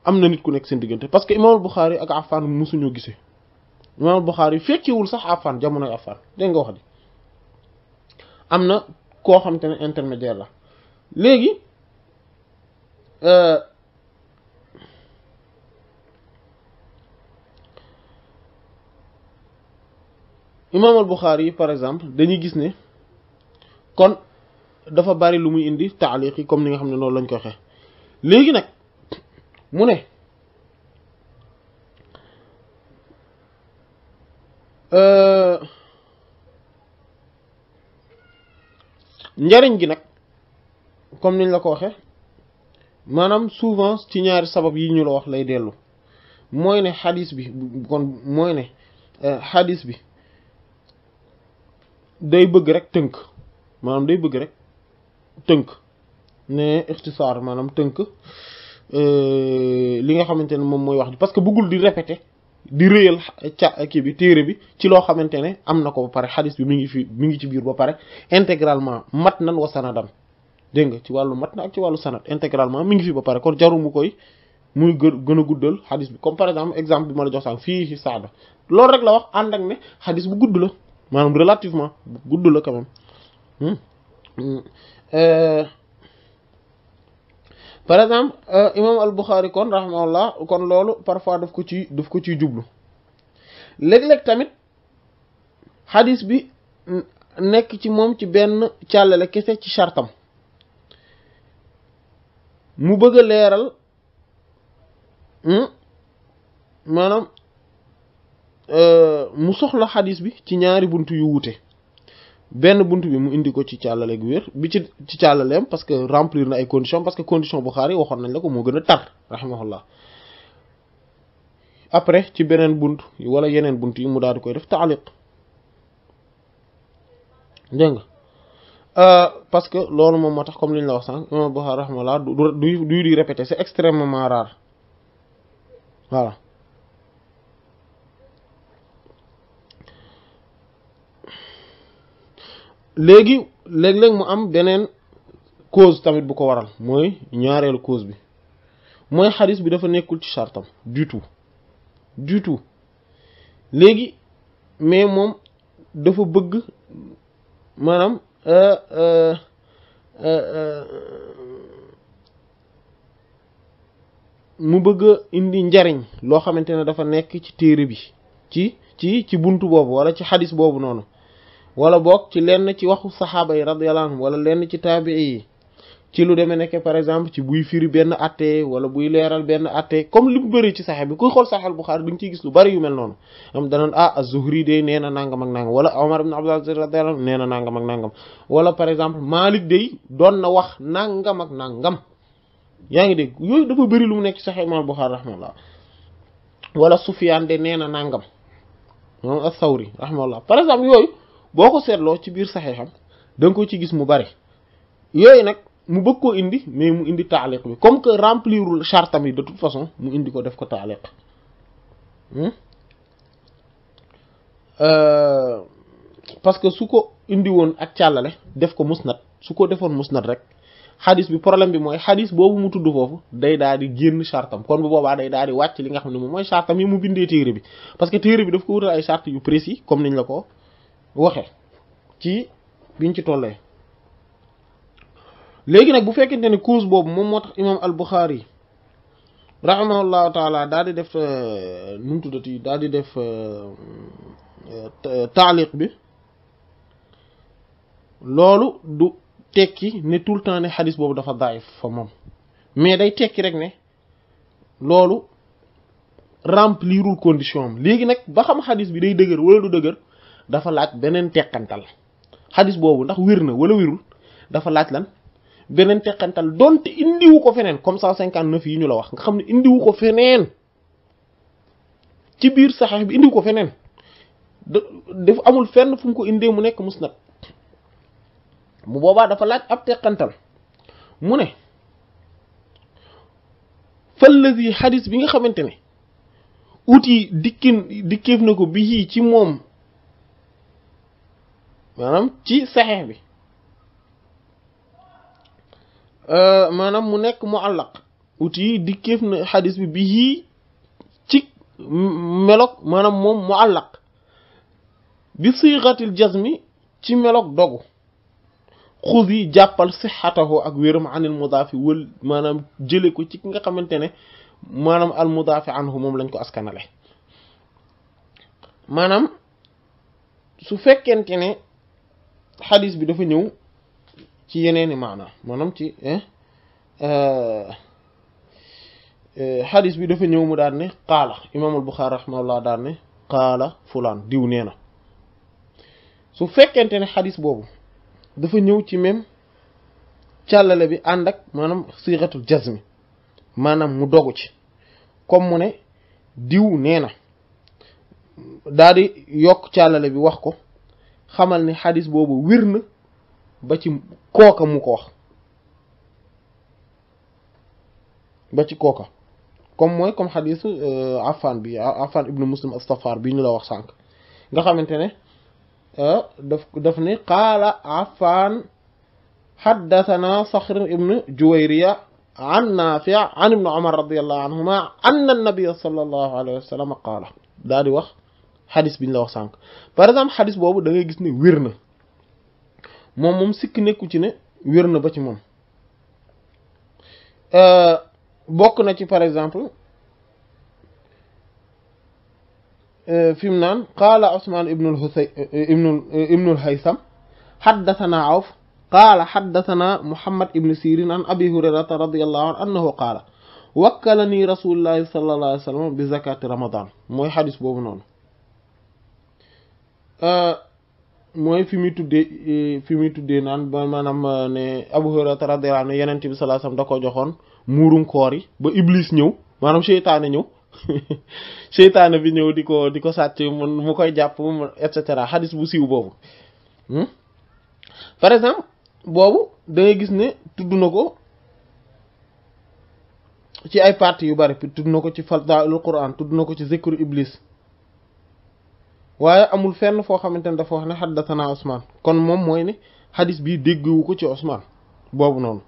am na nit ku nekk seen diggante parce que imaamal Buxaari ak Affan musuñoo gisee imaamal Buxaari fekkiwul sax Affan jamonoy Affan dégg nga wax di am na koo xam te ne intermédiaire la léegi. Euh, imaamal Buxaari yi par exemple dañuy gis ne kon dafa bari lu muy indi taaliq yi comme ni nga xam ne noonu lañ ko xe léegi nag mu ne euh, njariñ gi nag comme niñ la ko waxee maanaam souvent ci ñaari sabab yi ñu la wax lay dellu mooy ne xadis bi kon mooy ne euh, xadis bi day bëgg rek tënk manam day bëgg rek tënk ne ixtisaar maanaam tënk euh, li nga xamantene mom moy wax parce que bëggul di répéter di réyal ca kii bi téré bi ci lo xamantene ne am na ko ba paré hadith bi mi ngi fi mi ngi ci biir ba paré intégralement mat nan wa sanadam deng ci walu mat ak ci walu sanad intégralement mi ngi fi ba paré kon jarum mu koy muy gëna guddal hadith bi comme par exemple exemple bi ma la jox sax fi ci saada lool rek la wax and ak ne hadith bu gudd la maanaam relativement gudd la quand même hmm. Hmm. Euh, par exemple euh, imam al Bukhari kon rahimahullah kon loolu parfois daf ko ci daf ko ciy jublu léeg-léeg tamit xadis bi nekk ci moom ci benn càllale kese ci chartam mu bëgg a leeral hmm, maanaam Euh, mu soxla xadiis bi ci ñaari bunt yu wuute benn bunt bi mu indi ko ci càllale gu bi ci ci càllaleem parce que remplir na ay conditions parce que condition Bukhari waxoon nañ la ko moo gën a tar rahimahullah après ci beneen bunt wala yeneen bunt yi mu daal di koy def taaliq dégg euh, parce que loolu moom moo tax comme li la wax sànq imam Bukhari rahimahullah du du di répéter c'est extrêmement rare voilà léegi léeg-léeg mu am beneen cause tamit bu ko waral mooy ñaareelu cause bi mooy xadis bi dafa nekkul ci chartam du tout du tout léegi mais moom dafa bëgg maanaam euh, euh, euh, mu bëgg indi njariñ loo xamante ne dafa nekk ci téere bi ci ci ci bunt boobu wala ci xadis boobu noonu wala bokk ci lenn ci waxu saxaaba yi radiyallahu anhum wala lenn ci taabii yi ci lu demee nekk par exemple ci buy fiir benn atte wala buy leeral benn atte comme li mu bëri ci saxe bi kuy xool saxal Buxaari dañ ciy gis lu bëri yu mel noonu am danañ ah az-Zuhri de ak nangam wala Omar ibn Abdul Aziz radiyallahu anhu nee na nangam nangam wala par exemple Malik de doon na wax nangam ak nangam yaa ngi dégg yooyu dafa bëri lu mu nekk ci saxe imaam Buxaari rahimahullah wala Sufyaan de nee na nangam moom as-Sawri rahimahullah par exemple yooyu boo ko seetloo ci biir saxeexam danga nga ci gis mu bari yooyu nag mu bëgg koo indi mais mu indi taaliq bi comme que remplirul chartam yi de toute façon mu indi ko def ko taaliq hmm? euh, parce que su ko indi woon ak càllale def ko musnad su ko defoon musnad rek xadis bi problème bi mooy xadis boobu mu tudd foofu day daal di génn chartam kon bu boobaa day daal di wàcc li nga xam ne moom mooy chartam yi mu bindee téere bi parce que téere bi daf ko wutal comme niñ la ko waxe ci biñ ci tollé légui nak bu fekkente ni cause bobu mom motax imam al-Bukhari rahimahullahu taala dadi def nu mu dadi def ta'liq bi lolu du tekki ne tout temps ne hadith bobu dafa daif fa mom mais day tekki rek ne lolu remplirul condition légui nak ba xam hadith bi day deuguer wala du deuguer dafa laaj beneen teqantal xadis boobu ndax wér na wala wérul dafa laaj lan beneen teqantal donte indiwu ko feneen comme cent cinquante neuf yi ñu la wax nga xam ne indiwu ko feneen ci biir saxeex bi indiwu ko feneen dafa amul fenn fu mu ko indee mu nekk musnad mu boobaa dafa laaj ab teqantal mu ne fallazi xadis bi nga xamante ne uti dikkin dikkeef na ko bi ci moom manam ci sahih bi euh manam mu nek muallaq uti dikef na hadith bi bi ci melok manam mom muallaq bi sighatil jazmi ci melok dogu khudi jàppal sihhatahu ak wirum anil mudaafi wal manam jële ko ci nga xamantene manam al mudaafi anhu mom lañ ko askanale manam su fekkente ne xadis bi dafa ñëw ci yeneeni maana maanaam ci euh, euh, xadis bi dafa ñëw mu daan ne qaala imaam al-Buxaari daan ne qaala fulaan diw nee na su fekkente ne xadis boobu dafa ñëw ci même càllale bi ànd ak maanaam siixatul mi maanaam mu dogu ci comme mu ne diw nee na daal di yokk càllale bi wax ko xamal ni hadith bobu wirna ba ci koka mu ko wax ba ci koka comme moy comme hadith euh afan bi afan ibnu Muslim astafar bi ñu la wax sank nga xamantene euh daf daf ne qala afan hadathana sahr ibn Juwayriya an nafi' an ibn Umar radiyallahu anhuma anna an-nabiy sallallahu alayhi wasallam qala dadi wax xadis biñ ñu la wax sànq par exemple xadis boobu da ngay gis ne wér na moom moom sikk nekku ci ne wér na ba ci moom bokk na ci par exemple fi mu naan qaala Ousmane ibnul Husay ibnul ibnul Haysam xaddasanaa Awf qaala xaddasanaa Muhammad ibn Sirin an abi hurayrata radiyallahu anhu annahu qaala wakkalanii rasulullahi sallallahu alayhi wa bi zakati ramadan mooy xadis boobu noonu Euh, mooy fi muy tuddee fi muy tuddee naan ba maanaam euh, ne Abu Hurayrata radiyallahu anhu Yonent bi sallallahu da ko joxoon muurum koor yi ba Iblis ñëw maanaam seytaane ñëw [LAUGHS] seytaane bi ñëw di ko di ko sàcc mu koy jàpp et cetera xadis bu siiw boobu hmm? par exemple boobu da gis ne tudd na ko ci ay parties yu bari tudd na ko ci fadailul Qur'an tudd na ko ci zikru Iblis waaye amul fenn foo xamante ne dafa wax ne xaddathana Usmaan kon moom mooy ne xadis bii dégguwu ko ci osmaan boobu noonu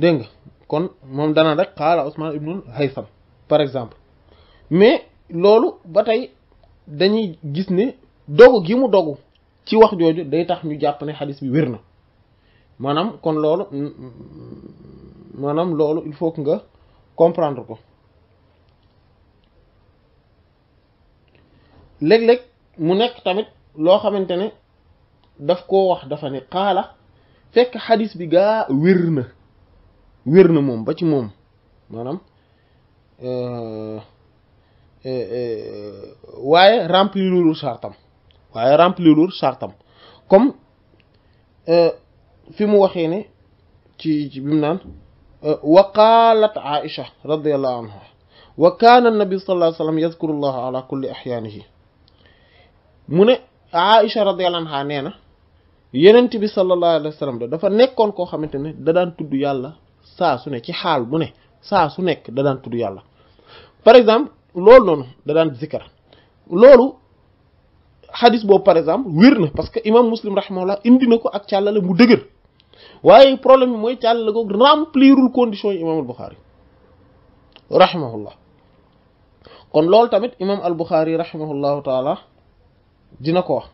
dégg nga kon moom dana rek xaala Usmaan ibnul Haytham par exemple mais loolu ba tey dañuy gis ne dogu gi mu dogu ci wax jooju day tax ñu jàpp ne xalis bi wér na maanaam kon loolu maanaam loolu il faut que nga comprendre ko leg leg mu nek tamit lo xamantene daf ko wax dafa ni qala fek hadith bi gaa wér na wér na moom ba ci moom maanaam waaye waye rempli waaye remplirul sartam comme fi mu waxee ne ci ci bi mu naan wa qaalat Aïcha radiyallahu anha wa kaana nabi sallallahu alayhi wa sallam yazkurullaha ala kulli ahyaanihi mu ne Aïcha radiyallahu anha nee na yenent bi sallallahu alayhi wa sallam da dafa nekkoon koo xamante ne da daan tudd yàlla saa su ne ci xaal bu ne saa su nekk da daan tudd yàlla par exemple loolu noonu da daan zikar loolu xadis boobu par exemple wiir na parce que imam muslim rahimahullah indi na ko ak càllale mu dëgër waaye problème bi mooy càllale ko remplirul condition yi imam al Bukhari rahimahullah loolu tamit imam al Bukhari rahimahullahu taala dina ko wax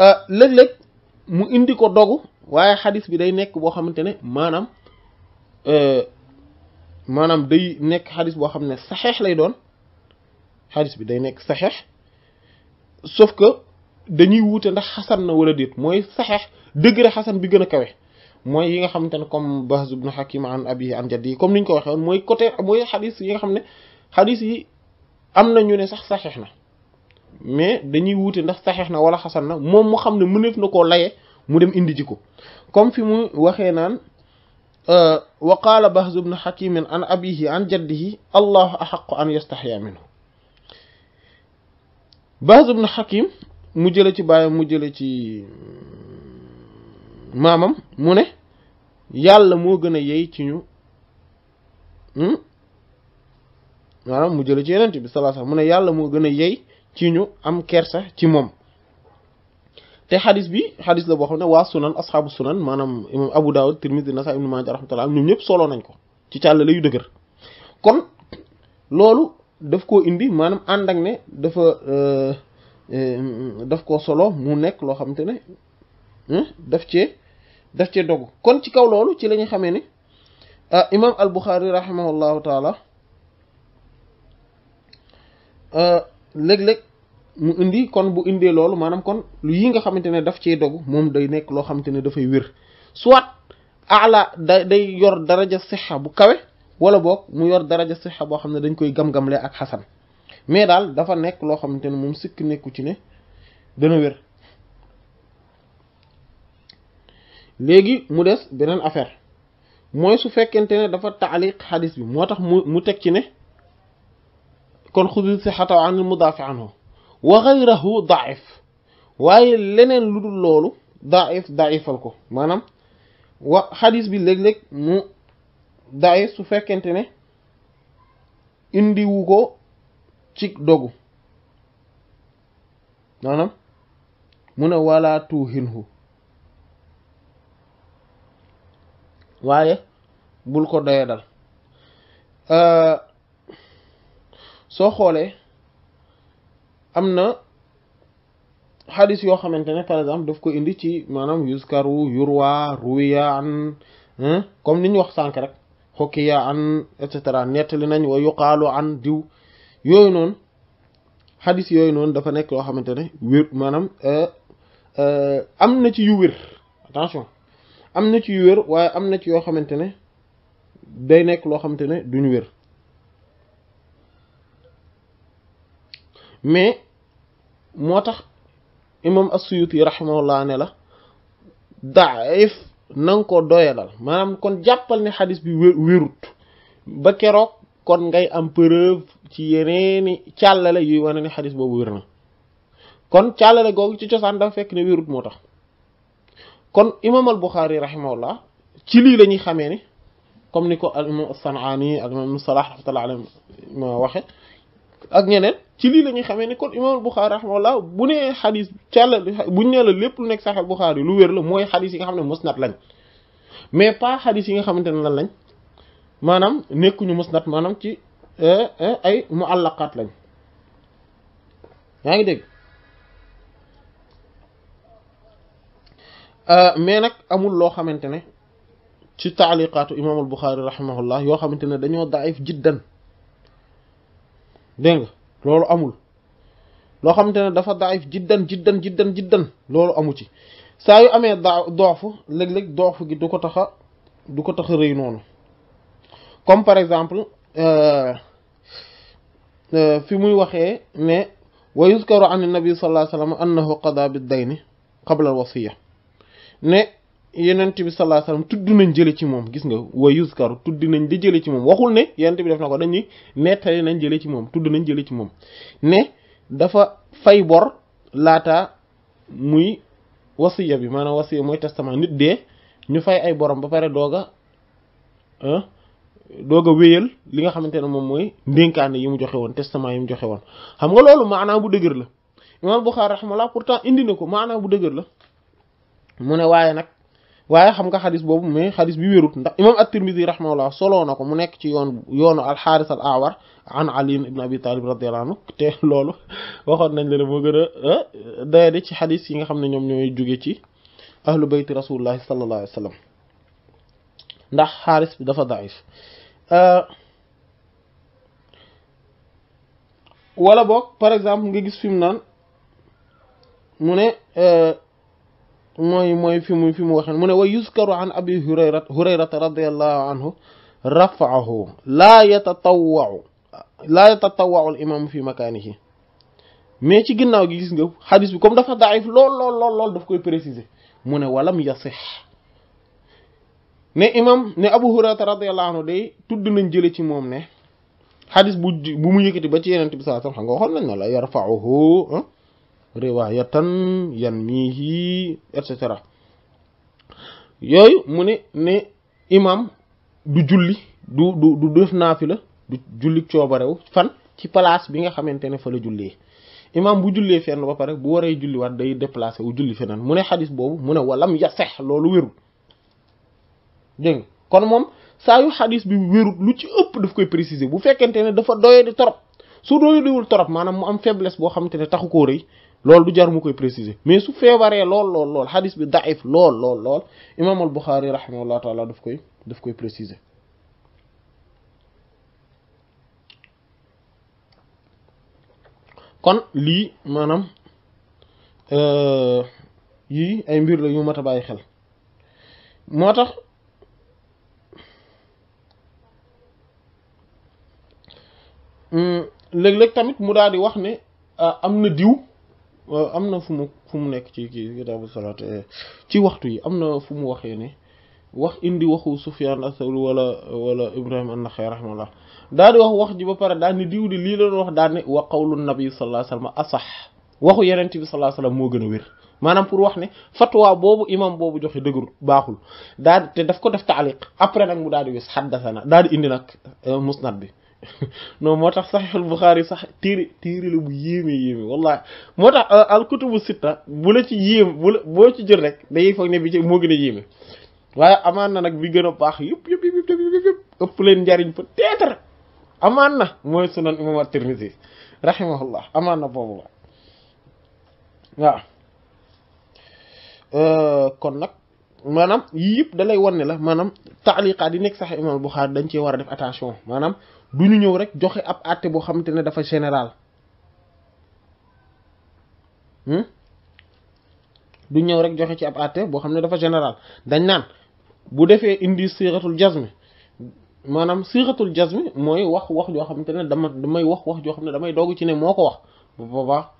euh, léeg-léeg mu indi ko dogu waaye xadis bi day nekk boo xamante ne maanaam euh, maanaam day nekk xadis boo xam ne saxeex lay doon xadis bi day nekk saxeex sauf que dañuy wuute ndax xasan na wala déet mooy saxeex degré xasan bi gën a kawe mooy yi nga xamante ne comme Bahz ibn Hakim an abi an jaddi comme ni ñu ko waxee mooy côté mooy xadis yi nga xam ne xadis yi am na ñu ne sax saxeex na mais dañuy wuute ndax saxeex na walla xasan na moom mu xam ne mëneef na koo laye mu dem indi ji ko comme fi mu waxee naan euh, wa qaala bahz ibn hakimin an abihi an jaddihi allahu ahaqu an yastaxya minhu bahz ibn hakim mu jële ci bàyyi mu jële ci maamam mu ne yàlla moo gën a yey ci ñu hmm? maanaam mu jële ci yeneen bi sallallahu mu ne yàlla moo gën a yey ci ñu am kersa ci moom te xadis bi xadis la boo xam ne waa sunan asxaabu sunan maanaam imam Abu Dawud Tirmidhi Nasa'i Ibn Maaja rahmatullah ñoom ñëpp solo nañ ko ci càllale yu dëgër kon loolu daf koo indi maanaam ànd ak ne dafa euh, euh, daf ko solo mu nekk loo xamante ne daf cee daf cee dogu kon ci kaw loolu ci la ñu ni ne euh, imam al Bukhari rahimahullahu taala léeg-léeg mu indi kon bu indee loolu maanaam kon lu yi nga xamante ne daf cee dogu moom day nekk loo xamante ne dafay wér soit ala da day yor daraja sixa bu kawe wala boog mu yor daraja sixa boo xam ne dañ koy gam-gamle ak xasan mais daal dafa nekk loo xamante ne moom sikk nekku ci ne dana wér léegi mu des beneen affaire mooy su fekkente ne dafa taaliq xaalis bi moo tax mu mu teg ci ne kon xudu si xataw anil mudaafi anhu wa xayrahu daif waaye leneen lu dul loolu daif daifal ko maanaam wa xadis bi léeg-léeg mu daif su fekkente ne indiwu ko ci dogu maanaam mu ne wala tuuhinhu waaye bul ko doyadal euh, soo xoolee am na xadis yoo xamante ne par exemple def ko indi ci maanaam yuskaru yurwa ruwiya an comme ni ñu wax sànk rek xokkiya an et cetera nettali nañ wa yuqaalu an diw yooyu noonu xadis yooyu noonu dafa nekk yoo xamante ne wér maanaam euh, euh, am na ci yu wér attention am na ci yu wér waaye am na ci yoo xamante ne day nekk loo xamante ne duñu wér mais moo tax imam as-Suyuti rahimahullah ne la daif na ko doyalal maanaam kon jàppal ne xadis bi wérut ba keroog kon ngay am preuve ci yeneeni càllale yi wane ne xadis boobu wér na kon càllale googu ci cosaan dafa fekk ne wérut moo tax kon imam al Buxaari rahimahullah ci lii lañuy ñuy xamee ne comme ni ko al imam as-San'aani ak imam Ibn Salah rahmatullah alayhi ma waxe ak ñeneen ci li lañu xamé ni kon imam Bukhari rahimahullah bu né hadith càllal bu ñu la lépp lu nek Sahih Bukhari lu wér la moy hadith yi nga xamné musnad lañ mais pas hadith yi nga xamante ne lan manam maanaam ñu musnad manam ci ay muallaqat lañ yaa ngi euh mais nak amul lo xamante ne ci taaliqaatu imaamul Buxaari rahimahullah yo xamante ne dañoo daif jiddan dégg loolu amul loo xamante ne dafa daif jiddan jiddan jiddan jiddan loolu amu ci saa yu amee daa doofu léeg-léeg doofu gi du ko tax a du ko tax a rëy noonu comme par exemple fi muy waxee ne wa yuskaru an nabi sallallahu alayhi wa sallam annahu qada bid dayni qabla al wasiya ne yenent bi sallallahu alayhi wasallam tudd nañ jële ci moom gis nga wa yuskaru tudd nañ di jële ci moom waxul ne yenent bi def na ko dañuy nettali nañ jële ci moom tudd nañ jële ci moom ne dafa fay bor laata muy wasiya bi maanaam wasiya mooy testament nit dee ñu fay ay borom ba pare dooga a doog a wéyal li nga xamante ne moom mooy ndénkaane yi mu joxe woon testament yi mu joxe woon xam nga loolu maanaam bu dëgër la imam Bukhari rahimahullah pourtant indi ko maanaam bu dëgër la mu ne waaye nag waaye xam nga xadis boobu mais xadis bi wérut ndax imam at-Tirmidhi rahimahullah soloo na ko mu nekk ci yoon yoonu al-Harith al-A'war an Ali ibn Abi Talib radiyallahu anhu te loolu [LAUGHS] waxoon nañ leen moo gën a eh, dayade ci xadis yi nga xam ne ñoom ñooy jóge ci ahlu bayti rasulillahi sallallahu alayhi wa sallam ndax xaaris bi dafa daif eh, wala boog par exemple nga gis fi mu naan mu ne eh, mooy mooy fi mu fi mu waxee mu ne wa yuskaru an abi hurayrat hurayrata radiallahu laa yatatawau laa yatatawau al imaamu fi makaanihi mais ci ginnaaw gi gis nga xadis bi comme dafa daif lool lool lool lool daf koy préciser mu ne walam yasix ne imam ne abu hurayrata radiallahu anhu day tudd nañ jële ci moom ne xadis bu bu mu yëkkati ba ci yeneen bi saa xam nga waxoon nañ ne la yarfauhu riwaayatan yanmihi et cetera yooyu mu ne ne imam du julli du du du def la du julli coobarew fan ci place bi nga xamante ne fa la jullee imam bu jullee fenn ba pare bu waree julliwaat day déplacé wu julli feneen mu ne xadis boobu mu ne walam ya loolu wérul dégg kon moom saa yu xadis bi wérul lu ci ëpp daf koy préciser bu fekkante ne dafa doye di torop su doye torop maanaam mu am faiblesse boo xamante ne taxu koo rëy lolou du jar mu koy préciser mais su feebaree lolou lolou lolou hadith bi daif lolou lolou lolou imam al bukhari rahimahullah taala daf koy daf koy préciser kon li manam euh yi ay mbir la ñu mata bayi xel motax hmm leg leg tamit mu daali wax ne amna diw am na fu mu fu mu nekk ci kii kitaabu salaat eh, ci waxtu yi am na fu mu waxee ne wax indi waxu Sufyaan Asawri wala wala Ibrahim an-Naxa'i rahimahullah daal di wax wax ji ba pare daal ni diw di lii la doon wax daal ne wa qawlu nabi sallallahu alayhi wa sallam asax waxu yenent bi sallallahu alayhi moo gën a wér maanaam pour wax ne fatwa boobu imam boobu joxe dëggul baaxul daal te daf ko def taaliq après nag mu daal di wis xaddasana daal di indi nag eh, musnad bi [LAUGHS] non moo tax saxiixul Buxaari sax téere téere la bu yéeme yéeme wallahi moo tax euh, al kutubu sitta bu la ci yéem bu la boo ci jël rek day foog ne bi ci moo gën a yéeme waaye amaan na nag bi gën a baax yëpp yëpp yëpp yëpp yëpp ëpp leen njariñ peut-être amaan na mooy sunan imam at-Tirmidhi rahimahullah amaan na boobu la waaw euh, kon nag maanaam yii yëpp da lay wan ne la maanaam taaliqaat yi nekk sax imam Buxaari dañ cee war a def attention maanaam. du ñu ñëw rek joxe ab àtte boo xamante ne dafa général hmm? du ñëw rek joxe ci ab àtte boo xam ne dafa général dañ naan bu defee indi siratul jazmi maanaam siratul jazmi mooy wax wax joo xamante ne dama damay wax wax joo xam ne damay doog ci ne moo ko wax bu boobaa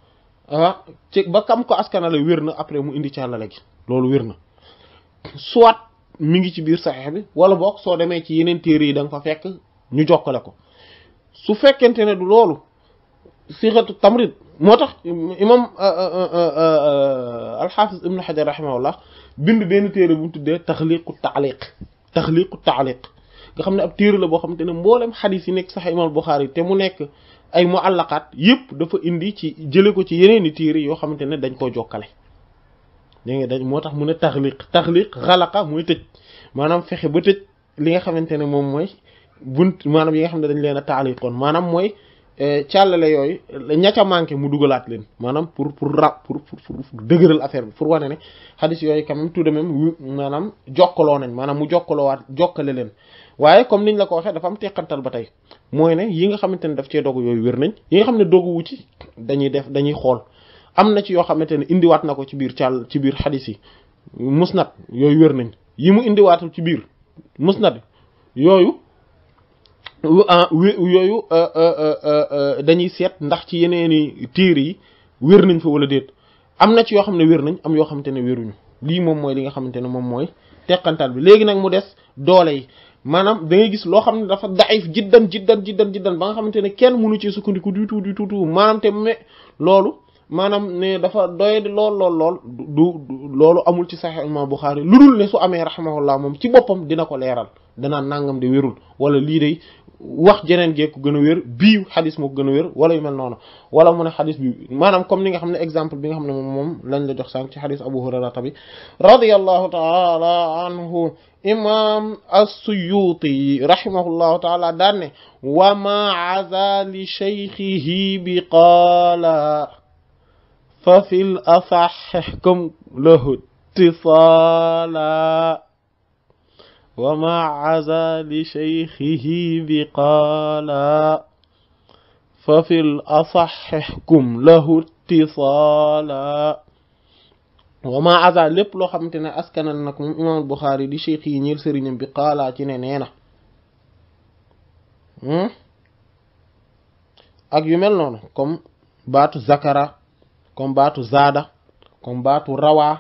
ah ci ba kam ko askanale wér na après mu indi càllale gi loolu wér na soit mu ngi ci biir saxeex bi wala boog soo demee ci yeneen téere yi da nga fa fekk ñu jokkale ko su fekkente ne du lolou sixatu tamrid motax imam al-hafiz ibn hadar rahimahullah bind ben tere bu mu tuddee ta'liq taaliq ta'liq nga xamne ab tere la bo xamne ne mboolem xadis yi nek sahih imam bukhari te mu nek ay muallaqat yep dafa indi ci jële ko ci yeneeni tere yo xamante ne dañ ko jokalé ngay nga dañ moo mu ne takhliq takhliq ghalaqa muy tëj manam fexe ba tëj li nga xamantene mom moy bunt manam yi nga xamne dañ leena a manam moy mooy yoy yooyu ña ca manqué mu dugulat leen manam pour pour rap pour pour dëgëral affaire bi pour wone ne hadith yoy quand même tout de même manam jokkolo nañ manam mu jokkolo wat jokkale leen waye comme niñ la ko waxe dafa am tekantal batay moy ne yi nga xamantene daf ci dogu yoy wër nañ yi nga xamne dogu wu ci dañuy def dañuy xol amna ci yo xamantene indi wat nako ci bir càll ci bir xadis yi musnad yoy wër nañ yi mu indi watul ci bir musnad yoyou we ah, yooyu ah, ah, dañuy seet ndax ci yeneeni téere yi wér nañ fa wala déet am na ci yoo xam ne wér nañ am yoo xamante ne wéruñu lii moom mooy li nga xamante ne moom mooy teqantal bi léegi nag mu des doole yi maanaam da ngay gis loo xam ne dafa daif jiddan jiddan jiddan jiddan ba nga xamante ne kenn mënu ci sukkandiku du tout du tout tout maanaam loolu maanaam ne dafa doye di lool lool lool du loolu amul ci Sahih Imam Bukhari lu dul ne su amee rahimahullah moom ci boppam dina ko leeral danaa nangam de wérul wala lii day wax jenen ge ko gëna wér bi hadith mo gëna wér wala yu mel non wala mu ne hadith bi manam comme ni nga xamne exemple bi nga xamne mom moom lañ la jox sank ci hadith Abu Hurayrata tabi radiyallahu taala anhu imam as-Suyuti rahimahullahu taala dane wa ma aza li shaykhihi bi qala fa fil asax comme lahu tisala وما عزا لشيخه بقالا ففي الأصح احكم له اتصالا وما عزا لب لو خمتنا أسكن لنكم إمام البخاري لشيخه شيخي سرين بقالا تينا نينا أك يمل نونا كم باتو زكرا كم باتو زادا كم باتو روا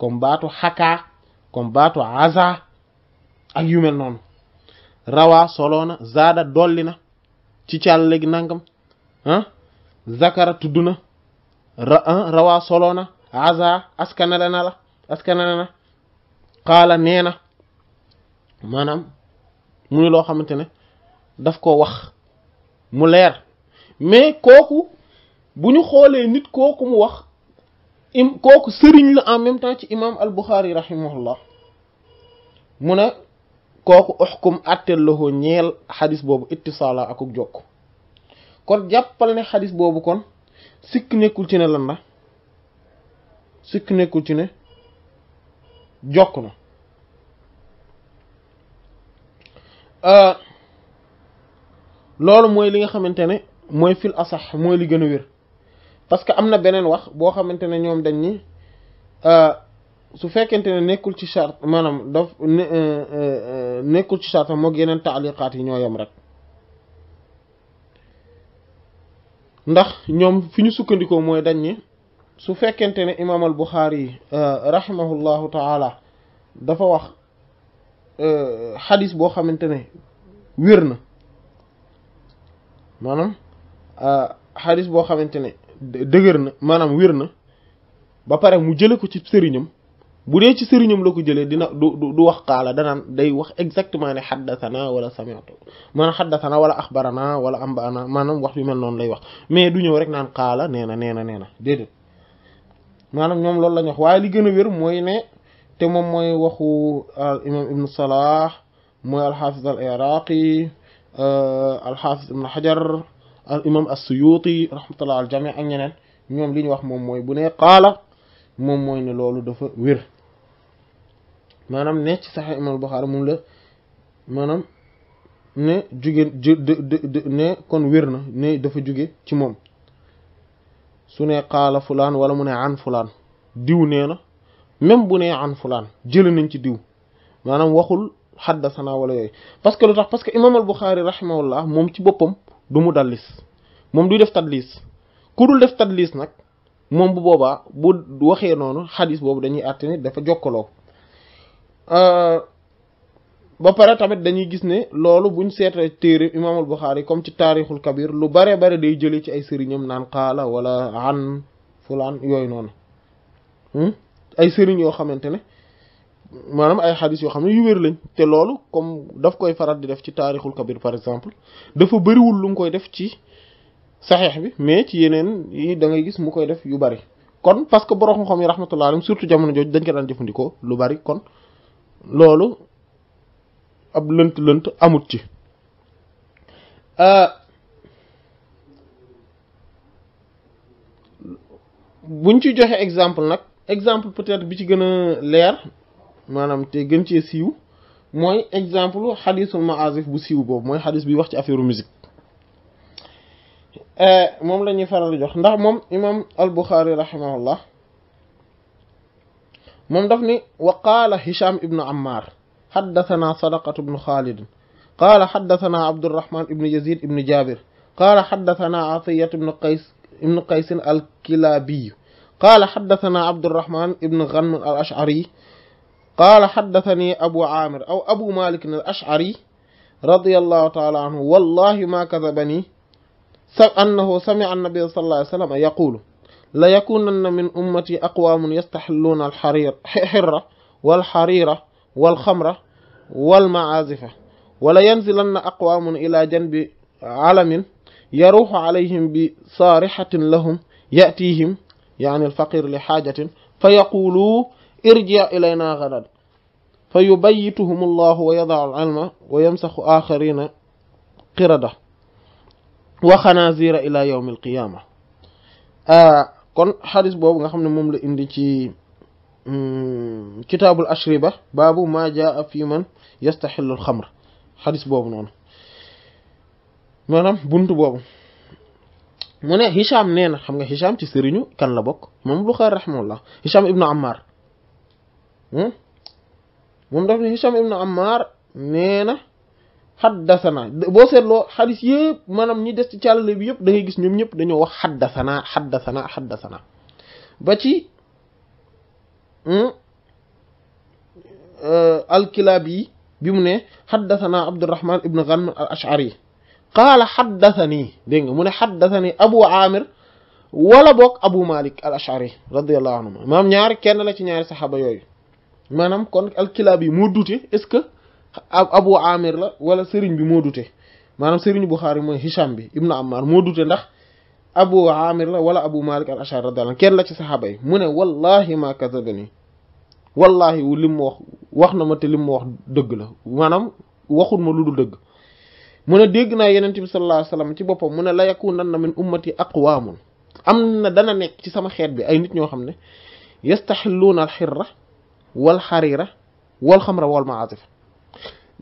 كم باتو حكا كم باتو عزا ak yu noonu rawaa solo na zaada dolli na ci càlléegi nangam ah zakara tudd na ra ah, solo na aza askanale na la askanale na nee na maanaam muy loo xamante ne daf ko wax mu leer mais kooku bu ñu xoolee nit kooku mu wax im kooku sëriñ la en même temps ci imam al Bukhari rahimahullah mu ne kooku uxkum àtteel loxo ñeel xadis boobu ittisaala akuk jokk kon jàppal ne xadis boobu kon sikk nekkul ci ne lan la sikk nekkul ci ne jokk na euh, loolu mooy li nga xamante ne mooy fil asax mooy li gën a wér parce que am na beneen wax boo xamante ne ñoom dañ ni euh, su fekkente ne nekkul ci charte maanaam daf nekkul ci charte moog yeneen taaliqaat yi ñoo yem rek ndax ñoom fi ñu sukkandikoo mooy dañ ni su fekkente ne imam al Buxaari yi rahimahullahu taala dafa wax xadis boo xamante ne wér na maanaam xadis boo xamante ne dëgër na maanaam wér na ba pare mu jële ko ci sëriñam bu dee ci sëriñam la ko jëlee dina du du wax qaala danaan day wax exactement ne xaddasana wala sami'tu maanaam xaddasana wala axbarana wala ambaana maanaam wax bi mel noonu lay wax mais du ñëw rek naan qaala nee na nee na nee na déedéet ñoom loolu lañ wax waaye li gën a mooy ne te moom mooy waxu al imam ibnu salah mooy alxaafis al iraqi euh, alxaafis ibnu xajar al imam as-suyuti rahmatullah al jami ak ñeneen ñoom li ñu wax moom mooy bu ne qaala moom mooy ne loolu dafa wér manam ne ci sahih imam bukhari mum la manam ne jóge ne kon wér ne dafa jóge ci mom su qala fulan wala mu an fulan diw neena même bu né an fulan jële nañ ci diw manam waxul hadathana wala yoy parce que lutax parce que imam al-Buxaari rahimahullah mom ci bopam du mu dalis mom du def tadlis kudul def tadlis nak mom bu boba bu waxé nonu hadith bobu dañuy àtte dafa jokkaloo Euh, ba pare tamit dañuy gis ne loolu buñ seetee téere imaamul Buxaari comme ci taarixul kabir lu bare bare day jëlee ci ay sëriñam naan xaala wala an fulaan yooyu noonu hmm? ay sëriñ yoo xamante ne maanaam ay xadis yoo xam ne yu wér lañ te loolu comme daf koy faral di def ci taarixul kabir par exemple dafa bëriwul lu koy def ci saxeex bi mais ci yeneen yi da ngay gis mu koy def yu bari kon parce que borom xam-xam yi rahmatullah alayhim surtout jamono jooju dañ jëfandikoo lu bari kon loolu ab lënt lënt amut ci ah, buñ ci joxe exemple nag exemple peut-être bi ci gën a leer maanaam te gën cee siiw mooy exemple xadisul maasif bu siiw boobu mooy xadis bi wax ci affaire musique eh, moom lañuy ñuy faral jox ndax moom imam al Buxaari rahimahullah moom daf ni wa qaala hisham ibnu ammar xaddatanaa sadaqatu ibnu xaalidin qaala xaddatanaa abdurahman ibnu yazid ibnu jabir qaala xaddatanaa atiyat ibnu qays ibnu qaysin alkilabiyu qaala xaddatanaa abdurahman ibnu ganm al ashari qaala xaddatani abu amir aw abu malik al ashari رضي الله تعالى عنه والله ما كذبني أنه سمع النبي صلى الله عليه وسلم يقول ليكونن من أمتي أقوام يستحلون الحرير حرة والحريرة والخمرة والمعازفة ولينزلن أقوام إلى جنب علم يروح عليهم بصارحة لهم يأتيهم يعني الفقير لحاجة فيقولوا ارجع إلينا غدا فيبيتهم الله ويضع العلم ويمسخ آخرين قردة وخنازير إلى يوم القيامة آه kon xadis boobu nga xam ne moom la indi ci hmm, kitaabul ashriba baabu maa jaa fi man yastaxillul xamr xadis boobu noonu maanaam bunt boobu mu ne Hicham nee na xam nga Hicham ci sëriñu kan la bokk moom Buxaari rahimahullah Hicham ibnu Ammar hmm? moom daf ne Hicham ibnu Ammar nee xaddasana boo seetloo xadis yëpp maanaam ñi des ci càllale bi yëpp da ngay gis ñoom ñëpp dañoo wax xaddasana xaddasana xaddasana ba ci hmm, euh, alkilaab yi bi mu ne xaddasana abdurahman ibn mu ne xaddasani abu amir wala boog abu malik al ashari radiallahu anhu maanaam ñaari kenn la ci ñaari saxaaba yooyu maanaam kon alkilaab yi moo dute est abu amir la wala serigne bi moo dute maanaam sëriñ buxaari mooy hisham bi ibnu ammar moo dute ndax abu amir la wala abu malik al ashar radhiyallahu anhu ken la ci sahaba yi mune wallahi ma kadhabni wallahi lim wax waxna ma te lim wax deug la manam waxul ma luddul deug mune mu na dégg naa sallallahu alayhi wasallam ci bopam mune ne la yakunanna min ummati aqwam amna dana nek ci sama xet bi ay nit ñoo xamne yastahilluna al hirra wal harira wal khamra wal maazif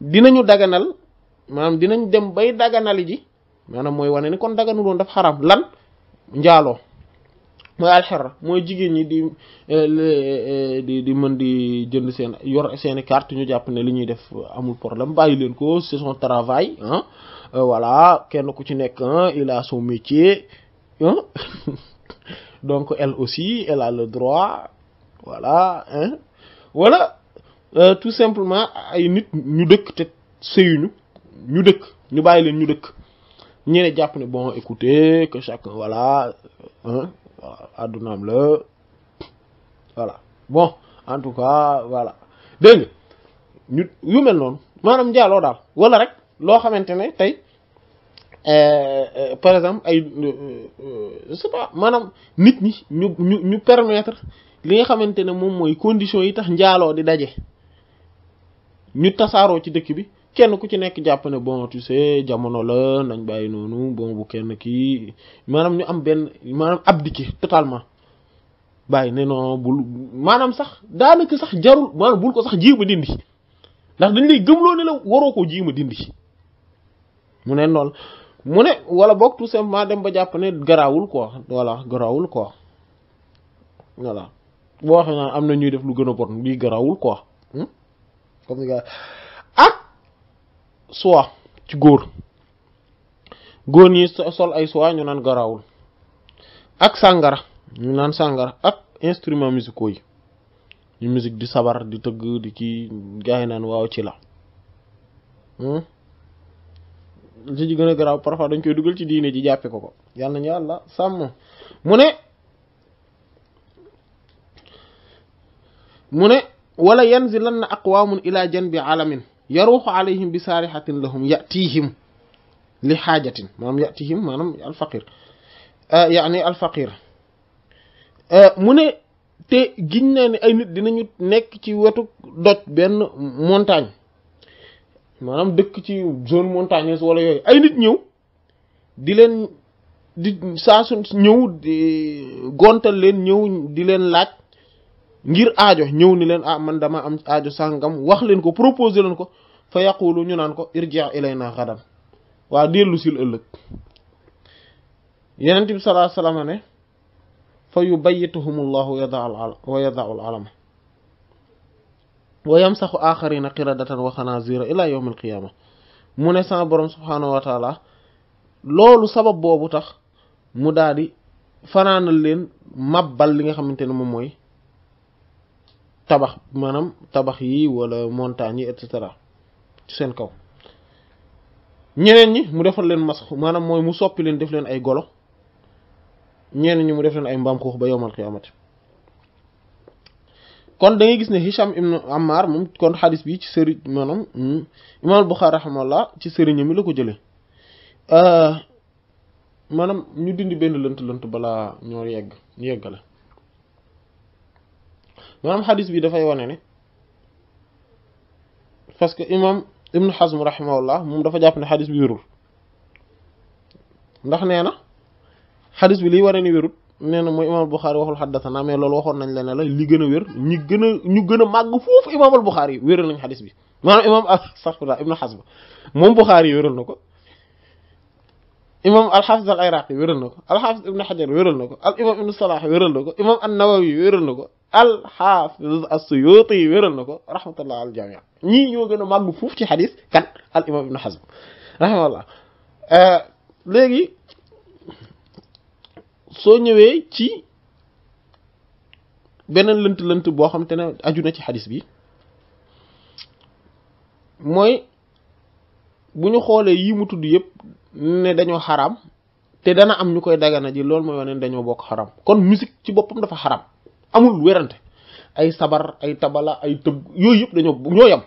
dina ñu daganal maanaam dinañ dem bay daganali ji maanaam mooy wane ni kon daganu doon daf xaram lan njaaloo mooy alxerra mooy jigéen ñi di eh, eh, di di mën di jënd seen yor seeni carte ñu jàpp ne li ñuy def amul problème bàyyi leen ko c'est son travail ah voilà kenn ku ci nekk il a son métier [LAUGHS] donc elle aussi elle a le droit voilà hein voilà Euh, tout simplement ay nit ñu dëkk té nous ñu dëkk ñu bàyyi ñu dëkk bon écoutez que chacun voilà hein voilà bon en tout cas voilà nous ñu yu mel non nous wala rek euh, euh, par exemple ay je sais pas manam nit ñi ñu ñu permettre li nga xamantene mom moy condition yi tax ñu tasaaroo ci dëkk bi kenn ku ci nekk jàpp ne bon tu jamono la nañ bàyyi noonu bon bu kenn kii maanaam ñu am benn maanaam abdiqué totalement bàyyi ne non bul maanaam sax daanaka sax jarul maanaam bul ko sax jéem a dindi ndax dañ lay gëmloo ne la waroo ko jéem a dindi mu ne noonu mu ne walla boog tout simplement dem ba jàpp garawul ko quoi voilà garaawul quoi voilà boo xam ne am na ñuy def lu gën a bon lii garaawul quoi. comme ni ak soie ci góor góor ñi sol ay soie ñu naan garaawul ak sàngara ñu naan sàngara ak instruments musicaux yi ñu musique di sabar di tëgg di kii gars yi naan waaw ci la hmm? li ci gën a garaaw parfois dañ koy dugal ci diine ji jàppe ko ko yàlla nañu yàlla sàmm mu ne mu ne wala yanzilanna aqwamun ila janbi alamin yaruuxu alayhim bi saarihatin lahum yatihim li xaajatin maanaam yatihim maanaam alfaqir euh, yaani euh, mu ne te giñ naa ne ay nit dinañu nekk ci wetu doj benn montagne maanaam dëkk ci zone montagneuse wala yooyu ay nit ñëw di leen di saa su ñëw gontal leen ñëw di leen laaj ngir aajo ñëw ni leen a ah, man dama am aajo sàngam wax leen ko proposé leen ko fa yaqulu ñu naan ko irji' ilayna xadam waa dellu sil ëllëg yenent bi salaa salaama ne fa yu allahu wa yadaul alama wa yamsaxu axarina qiradatan wa xanazira ila yawm al qiyama mu ne saa borom subhaanahu wa loolu sabab boobu tax mu daal di fanaanal leen mabbal li nga xamante ne moom mooy tabax maanaam tabax yi wala montagne yi ci seen kaw ñeneen ñi mu defal leen masx maanaam mooy mu soppi leen def leen ay golo ñeneen ñi mu def leen ay mbaam xuux ba yowmal xiyaamati kon dangay gis ne Hisham ibn Ammar moom kon xalis bi ci sëriñ maanaam hmm, imaam Buxaari raximahullah ci sëriñam mi la ko jëlee ah, maanaam ñu dindi benn lënt lënt balaa ñoo yegg ñu yeggale manam hadith bi da fay woné ne parce que imam ibn Hazm rahimahullah moom dafa jàpp ne hadith bi wirul ndax néna hadith bi li wane né wirul néna moy imam bukhari Buxaari waxul xaddasanaa mais loolu waxon nañ la la li gëna wér ñi gëna ñu gëna mag fofu imam al bukhari wërul nañ hadith bi maanaam imaam astaxfirullah ibn Hazm mom bukhari wërul nako imam al hafiz al iraqi wërul nako al hafiz ibn Hajar wërul nako al imam ibn Salah wërul nako imam an-Nawawi wërul nako alxaafiz as-Suyuti wéral na ko rahmatullah al jamia ñii ñoo gën a màgg foofu ci xadis kan al imam ibn Hazm rahmatullah euh, léegi soo ñëwee ci beneen lënt-lënt boo xam te ne aju na ci xadis bi mooy bu ñu xoolee yii mu tudd yëpp ne dañoo xaraam te dana am ñu koy dagana ji loolu mooy wane dañoo bokk xaram kon musique ci boppam dafa xaram amul werante ay sabar ay tabala ay tëb yooyu yëpp dañoo ñoo yam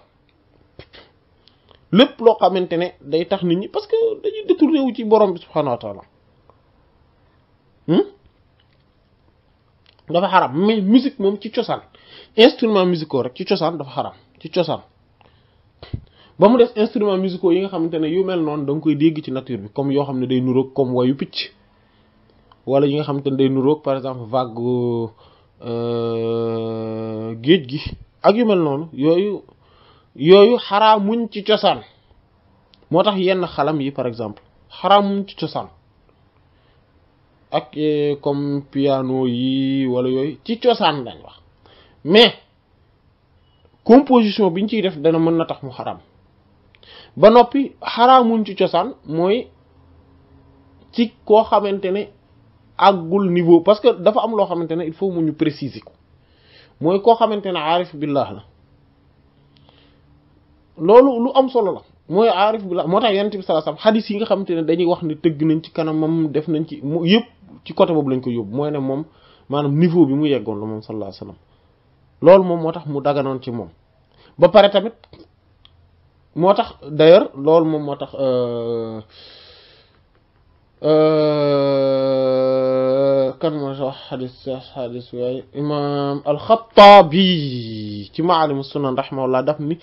lépp loo xamante ne day tax nit ñi parce dañuy détourné ci borom bi subhanahu wa taala hmm? dafa xaram musique moom ci cosaan instrument musicaux rek ci cosaan dafa xaram ci cosaan ba mu des instruments musicaux yi nga xamante ne yu mel noonu da koy dégg ci nature bi comme yoo xam ne day nuroog comme wayu picc wala yi nga xamante ne day nuroog par exemple vague Euh, géej gi ak yu mel noonu yooyu yooyu xaraamuñ ci cosaan moo tax yenn xalam yi par exemple xaramuñ ci cosaan ak euh, comme piano yi wala yooyu ci cosaan lañ wax mais composition biñ ciy def dana mën na tax mu xaraam ba noppi xaraamuñ ci cosaan mooy ci koo xamante ne àggul niveau parce que dafa am loo xamante ne il faut mu ñu préciser ko mooy koo xamante na aarif billah la loolu lu am solo la mooy aarif billah moo tax yonent bi sallallahu alayhi wasallam yi nga xamante ne dañuy wax ne tëgg nañ ci kanamam def nañ ci mu yëpp ci côté boobu lañ ko yóbbu mooy ne moom maanaam niveau bi mu yeggoon la moom sallallahu alayhi loolu moom moo tax mu daganoon ci moom ba pare tamit moo tax d'ailleurs loolu moom moo tax euh, euh, كان مصحح للصحة لسواي إمام الخطابي ci maalim sunan rahimahullah daf ni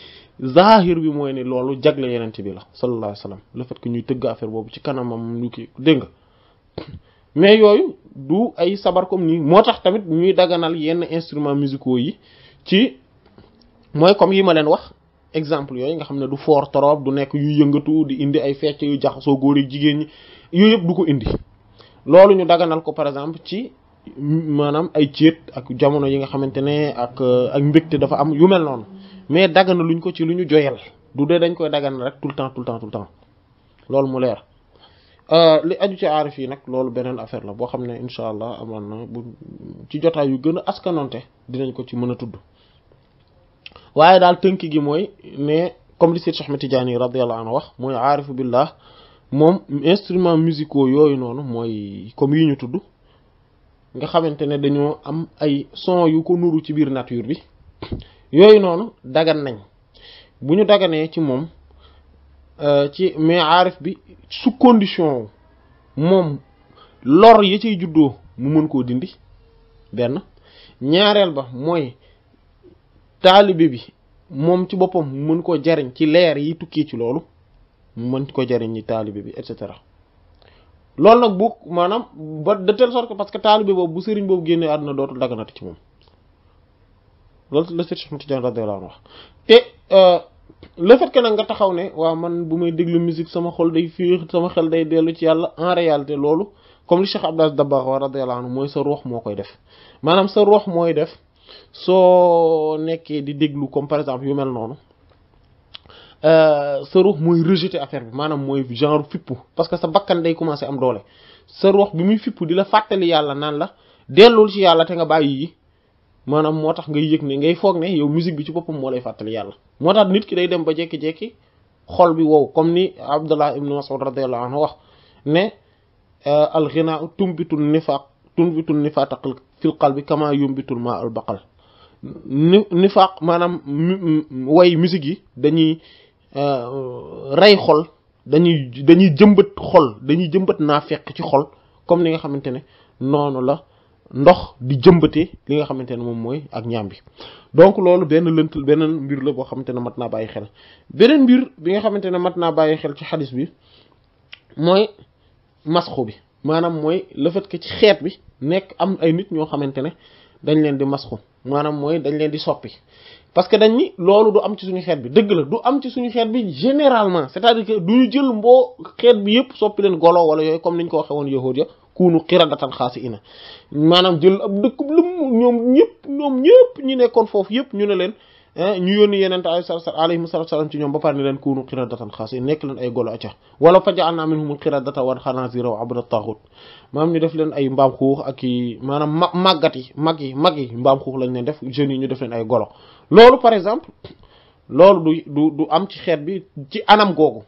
zahir bi mooy ne loolu jagle yenent bi la sallallahu alayhi wa sallam le fait que ñuy tëgg affaire boobu ci kanamam ñu kii dégg nga mais yooyu du ay sabar comme nii moo tax tamit ñuy daganal yenn instruments musicaux yi ci mooy comme yi ma leen wax exemple yooyu nga xam ne du fort trop du nekk yu yëngatu di indi ay fecc yu jaxasoo góor yi jigéen ñi yooyu yëpp du ko indi loolu ñu daganal ko par exemple ci maanaam ay céet ak jamono yi nga xamante ne ak euh, ak mbégte dafa am yu mel noonu mais dagana luñ ko ci lu ñu joyal du dee dañ koy daganal rek tout le temps tout le temps tout loolu mu leer euh, li aju ci aarif yi nag loolu beneen affaire la boo xam ne incha allah amaan na bu ci jotaay yu gën a askanonte dinañ ko ci mën a tudd waaye daal tënk gi mooy ne comme li Seex Ahmed Tijaani radiyallahu anhu wax mooy aarifu billah moom instruments musicaux yooyu noonu mooy comme yi ñu tudd nga xamante ne dañoo am ay son yu ko nuru ci biir nature bi yooyu noonu dagan nañ bu ñu daganee ci moom euh, ci mais aarif bi su condition moom lor yi ciy juddoo mu mën koo dindi benn ñaareel ba mooy taalibe bi moom ci boppam mu mën koo jariñ ci leer yi tukkee ci loolu mu mën ko jariñ ñi taalibe bi et cetera loolu nag bu maanaam ba de telle sorte parce que taalibe boobu bu sëriñ boobu génnee àdduna dootul daganati ci moom loolu la Cheikh Ahmed Tidiane radiyallahu anhu wax euh, nag nga taxaw ne waaw man bu may déglu musique sama xol day fii sama xel day dellu ci yàlla en réalité loolu comme li Cheikh Abdou Aziz Dabakh radiyallahu anhu mooy sa ruux moo koy def maanaam sa ruux mooy def soo nekkee di déglu comme par exemple yu mel noonu Euh, sa ruux mooy rejeter affaire bi maanaam mooy genre fippu parce que sa bakkan day commencer am doole sa ruux bi muy fippu di la fàttali yàlla naan la delul ci yàlla te nga bàyyi yi maanaam moo tax ngay yëg ne ngay foog ne yow musique bi ci boppam moo lay fàttali yàlla moo tax nit ki day dem ba jekki-jekki xol bi wow comme ni Abdullah ibn Mas'ud radiyallahu anhu wax ne euh, al ghina tumbitu nifaq tumbitu nifaq fil qalbi kama yumbitul ma al baqal nifaq manam way musique yi dañuy Euh, rey xol dañuy dañuy jëmbat xol dañuy jëmbat naafeq ci xol comme li nga xamante ne noonu la ndox di jëmbatee li nga xamante ne moom mooy ak ñaam bi donc loolu benn lënt beneen mbir la boo xamante ne mat naa bàyyi xel beneen mbir bi nga xamante ne mat naa bàyyi xel ci xalis bi mooy masxu bi maanaam mooy le fait que ci xeet bi nekk am ay nit ñoo xamante ne dañ leen di masxu maanaam mooy dañ leen di soppi parce que dañ ni loolu du am ci suñu xeet bi dëgg la du am ci suñu xeet bi généralement c'est-à-dire que du ñu jël mboo xeet bi yëpp soppi leen golo wala yooyu comme niñ ko waxee woon yahuud ya kuunu qiradatan xaasi'iina maanaam jël ab dëkk lu ñoom ñëpp ñoom ñëpp ñu nekkoon foofu yëpp ñu ne leen Eh, ñu yónni yenente alayhi salaatu salaam ci ñoom ba pare ne leen kuunu qiradatan xaas nekk leen ay golo acca wala def leen ay mbaam xuux ak maanaam ma màggat yi mag yi mag yi mbaam lañ def jeunes yi ñu def ay golo loolu par exemple loolu du du du am ci xeet bi ci anam googu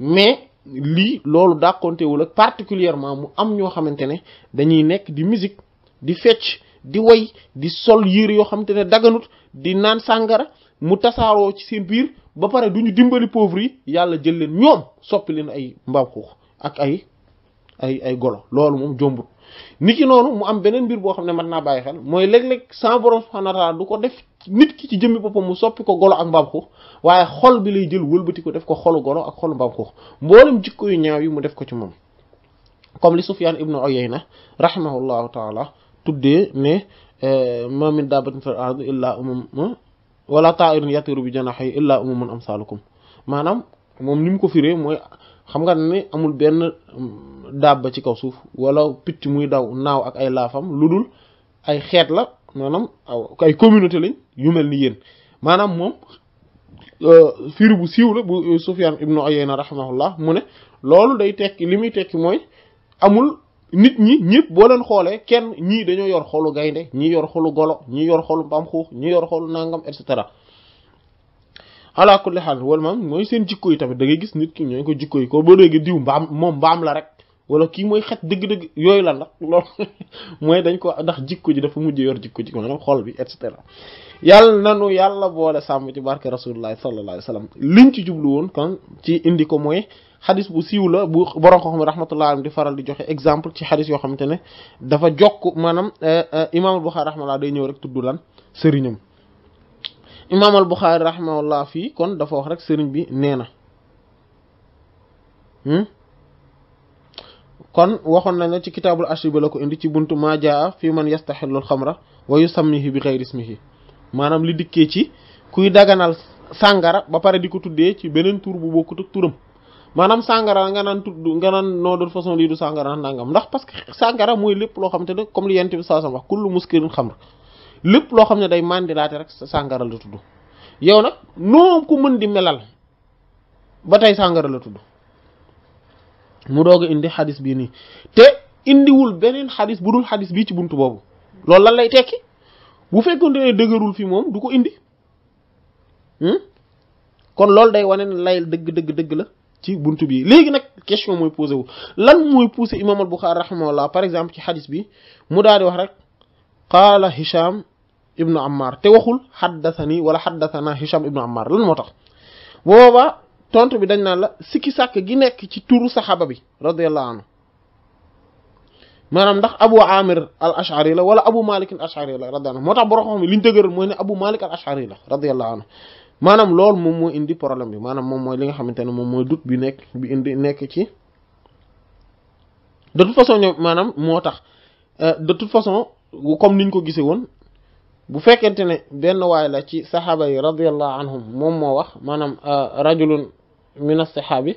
mais lii loolu dàqontewul ak particulièrement mu am ñoo xamante ne dañuy nekk di musique di fecc di woy di sol yére yoo xamante ne daganut di naan sàngara mu tasaaroo ci seen biir ba pare du ñu dimbali pauvre yi yàlla jël leen ñoom soppi leen ay mbaam xuux ak ay ay ay golo loolu moom jombut ki noonu mu am beneen mbir boo xam ne mën naa bàyyi xel mooy léeg-léeg sans borom subhaanahu wa ta'aala du ko def nit ki ci jëmmi boppam mu soppi ko golo ak mbaam xuux waaye xol bi lay jël wëlbati ko def ko xolu golo ak xolu mbaam xuux mboolem jikko ñaaw yi mu def ko ci moom comme li Sufyaan ibnu Uyayna rahimahullahu ma min dabbatin fil ardi illaa umam hmm? wala ta'irin yatiru bi janahi illaa umamun amsalukum maanaam moom ni ko firee mooy xam nga ne amul benn hmm, dabba ci kaw suuf wala picc muy daw naaw ak ay laafam lu dul ay xeet la maanaam ay communauté lañ yu mel ni yéen maanaam moom euh, firi bu siiw la bu Sufyaan ibnu Uyayna rahimahullah mu ne loolu day tekki li muy tekki mooy amul nit ñi ñëpp boo leen xoolee kenn ñii dañoo yor xoolu gaynde ñii yor xoolu golo ñii yor xoolu mbaam xuux ñii yor xoolu nangam et cetera ala kulli xaal wala mooy seen jikko yi tamit da gis nit ki ñooy ko jikko yi ko boo déggee moom mbaam la rek wala kii mooy xet dëgg-dëgg yooyu lan la loolu [LAUGHS] mooy dañ ko ndax jikko ji dafa mujj yor jikko ji maanaam xool bi et cetera yàlla nanu yàlla boole sàmm ci barke rasulullah sallallahu alayhi wa sallam liñ ci jublu woon kan ci indi ko mooy xadis bu siiw la bu borom ko xam rahmatullah alayhi di faral di joxe exemple ci xadis yoo xamante ne dafa jokk maanaam eh, eh, imaamul Buxaari rahmatullah day ñëw rek tudd lan sëriñam imaamul Buxaari rahmatullah fii kon dafa wax rek sëriñ bi nee na hmm? kon waxoon nañ ne ci kitaabul ashiba la ko indi ci buntu maa jaa fii man yastaxillul xamra wa yusammihi bi xayri ismihi maanaam li dikkee ci kuy daganal sàngara ba pare di ko tuddee ci beneen tur bu bokkut ak turam manam sangara nga nan tuddu nga nan no do façon li du sangara nangam ndax parce que sangara moy lepp lo xamne te comme li yent bi alayhi wasallam wax kullu muskirin khamr lepp lo xamne day mandilaate rek sangara la tuddu yow nak no ku mën di melal batay sangara la tuddu mu doog indi hadith bi ni te indi wul benen hadith budul hadith bi ci buntu bobu lol lan lay teki bu fekkone de dëgërul fi mom du ko indi hmm? kon lol day wane lay deug deug deug la ci buntu bi léegi nag question mooy posé wu lan mooy poussé imam al Buxaari la par exemple ci xadis bi mu daal di wax rek qaala Hisham ibnu Ammar te waxul xaddasani wala xaddasana Hisham ibnu Ammar lan moo tax booba tontu bi dañ naan la siki sàkk gi nekk ci turu saxaaba bi radiyallahu anhu maanaam ndax abu amir al ashari la wala abu malik al ashari la radiyallahu anhu moo tax borom xam ne li ñu dëgëral mooy ne abu malik al ashari la radiyallahu anhu maanaam loolu moom moo indi problème bi maanaam moom mooy li nga xamante ne moom mooy doute bi nekk bi indi nekk ci de toute façon ñoom maanaam moo tax euh, de toute façon comme niñ ko gisee woon bu fekkente ne benn waay la ci saxaaba yi radiallahu anhum moom moo wax maanaam euh, rajulun min as-saxaabi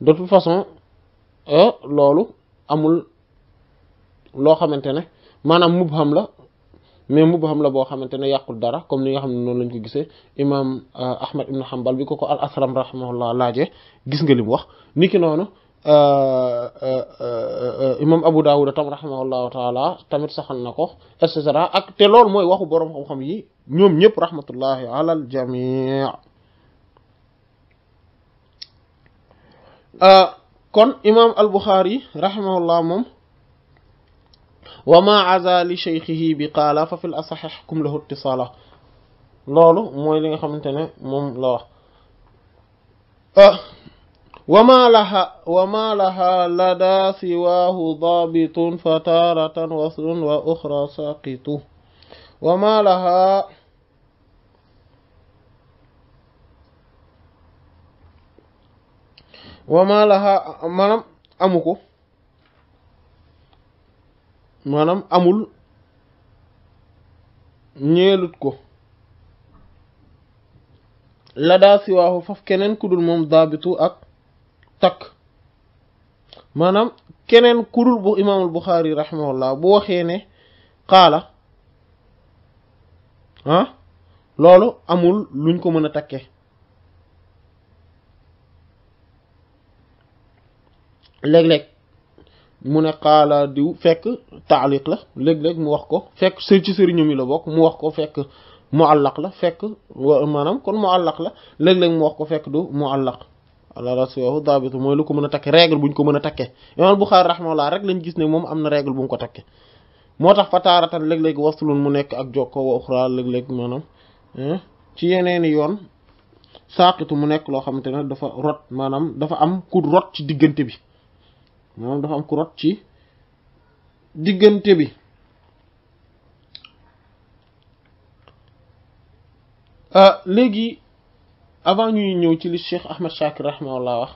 de toute façon euh, loolu amul loo xamante ne maanaam mubham la mais mubham la bo xamantene yakul dara comme ni nga xamne non lañ ko gisse imam ahmad ibn hanbal bi ko ko al asram rahmuhullah laajee gis nga lim wax niki noonu imam abu daud tam rahmuhullah taala tamit saxal nako et cetera ak te lol moy waxu borom xam-xam yi ñom ñep rahmatullah ala al jami' jamii kon imam al bukhari rahmuhullah mom وما عزا لشيخه بقال ففي الاصح حكم له اتصاله لولو موي ليغا خامتاني موم لا وخ أه. وما لها وما لها لدى سواه ضابط فتارة وصل وأخرى ساقط وما لها وما لها منام أمكو maanaam amul ñeelut ko la daa siwaaxu faf keneen ku dul moom daabitu ak takk maanaam keneen ku dul bu imaamul Buxaari raximahullah bu waxee ne xaala ah, loolu amul luñ ko mën a takke léeg-léeg mu ne xaala diw fekk taaliq la léeg-léeg mu wax ko fekk së ci sëriñam mi la bokk mu wax ko fekk muallaq la fekk maanaam kon muallaq la léeg-léeg mu wax ko fekk du muallaq ala rasiwahu daabitu mooy lu ko mën a takke règle buñ ko mën a takke imam Buxaari rahimahullah rek lañ gis ne moom am na règle bu ko takke moo tax fa léeg-léeg waslun mu nekk ak jokkoo wa uxra léeg-léeg maanaam ci yeneeni yoon saaqitu mu nekk loo xamante ne dafa rot maanaam dafa am ku rot ci diggante bi maanaam dafa am ku rot ci diggante bi léegi avant ñuy ñëw ci li Cheikh Ahmed Shakir rahimahullah wax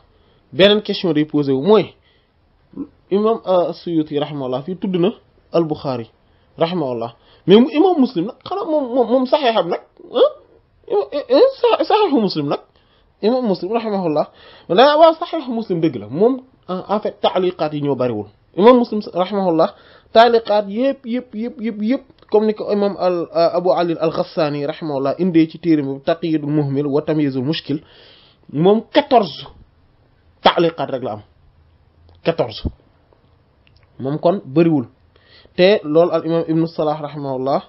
beneen question day posé wu mooy imam Suyuti rahimahullah fii tudd na al Bukhari rahimahullah mais mu imam muslim nag xanaa moom moom moom saxeexam nag saxeexu muslim nag imam muslim rahimahullah waaw saxeexu muslim dëgg la moom en fait taaliqaat yi ñoo bari wul imam muslim rahimahullah taaliqaat yep yep yep yep yep comme ni ko imam al abu ali al ghassani rahimahullah inde ci téere bi taqyidul muhmil wa tamyiz al mushkil mom 14 taaliqaat rek la am 14 mom kon bari wul te lol al imam ibnu salah rahimahullah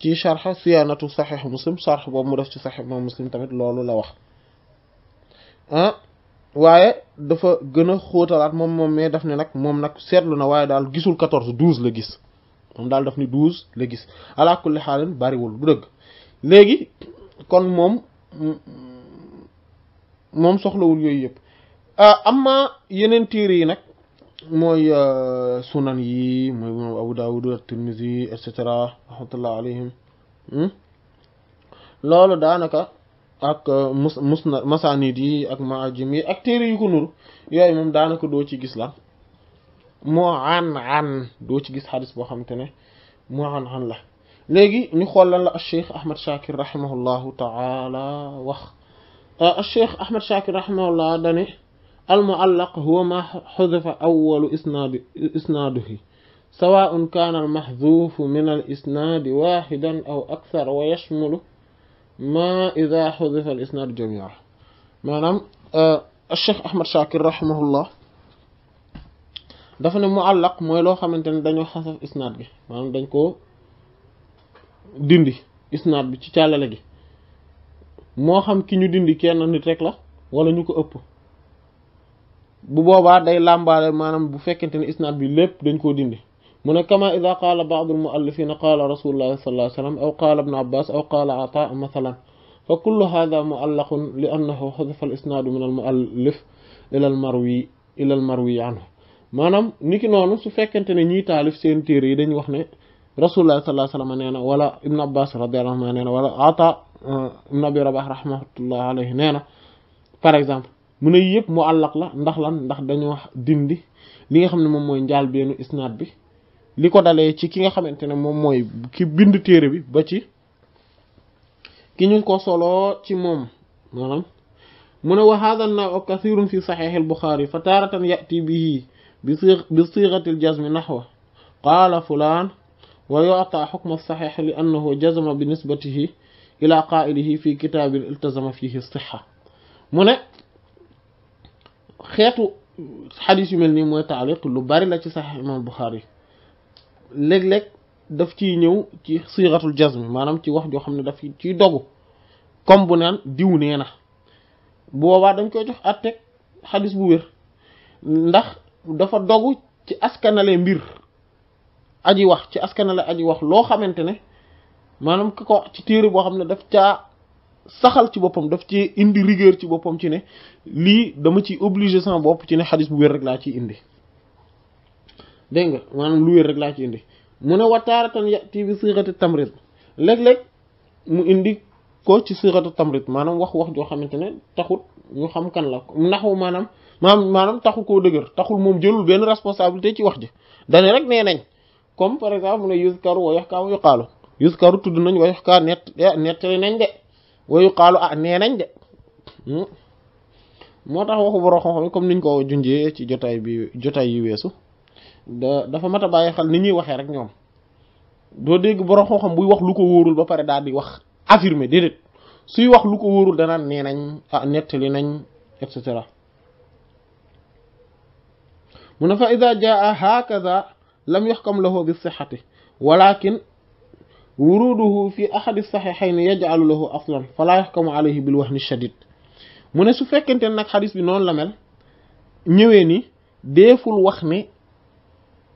ci sharh siyanatu sahih muslim sharh bo mu def ci sahih muslim tamit lolou la wax ah waye dafa gëna xootalat mom mom moom mais daf ne nak mom nak setlu na waye dal gisul 14 12 la gis mom dal daf ni 12 la gis ala kulli halin bari wul du deug legi kon mom mom soxla wul yoy yooyu ah amma yenen téere yi nak moy sunan yi moy Abu Dawud at-Tirmidhi et cetera rahmatullah alayhim loolu daanaka ak musna masanid yi ak maajimi ak tere yu ko nuru yooyu moom daanaka do ci gis la mo an an do ci gis hadith bo xamantene mo an an la legi ñu xol lan la cheikh ahmed shakir rahimahullahu taala wax al cheikh ahmed shakir rahimahullahu dane al muallaq huwa ma xudifa awalu isnaadi isnaaduhi سواء كان المحذوف من الإسناد واحدا أو أكثر ويشمل ma ida xudifa al isnaadu jamia maanaam euh, cheikh ahmad shakir rahimahullah dafa ne muallaq mooy loo xamante ne dañoo xasaf isnaad bi maanaam dañ koo dindi isnaad bi ci càllale gi moo xam ki ñu dindi kenn nit rek la wala ñu ko ëpp bu boobaa day làmbaale maanaam bu fekkente ne isnaad bi lépp dañ koo dindi mu ne kama ida qaala baadu almuallifina qaala rasulullahi sallallahu alayhi wa sallam aw qaala ibnu abbas aw qaala ata mathalan fa kullu hada muallaqun li annahu xudifa al isnaadu min al muallif ila al marwi ila al marwi anhu maanaam niki noonu su fekkente ne ñiy taalif seen téere yi dañuy wax ne rasulullah sallallahu alayhi wa sallam nee na wala ibnu abbas radiyallahu anhu nee na wala ata ibnu abi rabah rahmatullah alayhi nee na par exemple mu ne yëpp muallaq la ndax lan ndax dañoo dindi li nga xam ne moom mooy njaal beenu isnaad bi liko dalé ci ki nga xamantene mom moy ki bind téré bi ba ci ki ñu ko solo ci mom manam mu wa hadha an-naw'u kathirun fi sahih al-bukhari fa taratan ya'ti bihi bi sighati al-jazm nahwa qala fulan wa yu'ta hukm as-sahih li annahu jazma bi nisbatihi ila qa'ilihi fi kitabin iltazama fihi as-sihha mu ne hadith yu melni moy ta'liq lu bari la ci sahih al-bukhari léeg-léeg daf ci ñëw ci siratul jazmi maanaam ci wax joo xam ne daf ciy dogu comme bu naan diw nee na boobaa dañ koy jox àtteeg xadis bu wér ndax dafa dogu ci askanale mbir aji wax ci askanale aji wax loo xamante ne maanaam ku ko ci téere boo xam ne daf caa saxal ci boppam daf ci indi rigueur ci boppam ci ne lii dama ciy obligé sama bopp ci ne xadis bu wér laa ciy indi deng nga maanaam lu wér rek la ci indi muna wataratan wataaratan yati bi sirati tamrit leg mu indi ko ci siratu tamrit manam wax wax jo xamantene taxut ñu xam kan la naxu manam manam manam taxu ko dëgër taxul mom jëlul ben responsabilité ci wax ji dañ rek nee nañ comme par exemple mu ne yuskaru wa yox kaa wa yuqaalu yuskaru tudd nañ wa yox net net nañ de wa yuqalu ah nee nañ de hmm? mo tax waxu borom xam comme niñ ko junjé ci jotay bi jotay yi wessu dafa mata baye xal ni ni waxe rek ñom do deg borom xam-xam buy wax lu ko wóorul ba pare daal di wax affirmer déedéet suy wax lu ko wóorul danaan nee ah netali nañ et cetera mu fa jaa hakaza lam yahkam lahu bi sihhati walakin wuruduhu fi ahadi sahihayn yaj'al lahu aslan fala yuxkamu alayhi bil ash shadid mu su fekkente nak hadith bi non la mel ñëwé ni deful wax ni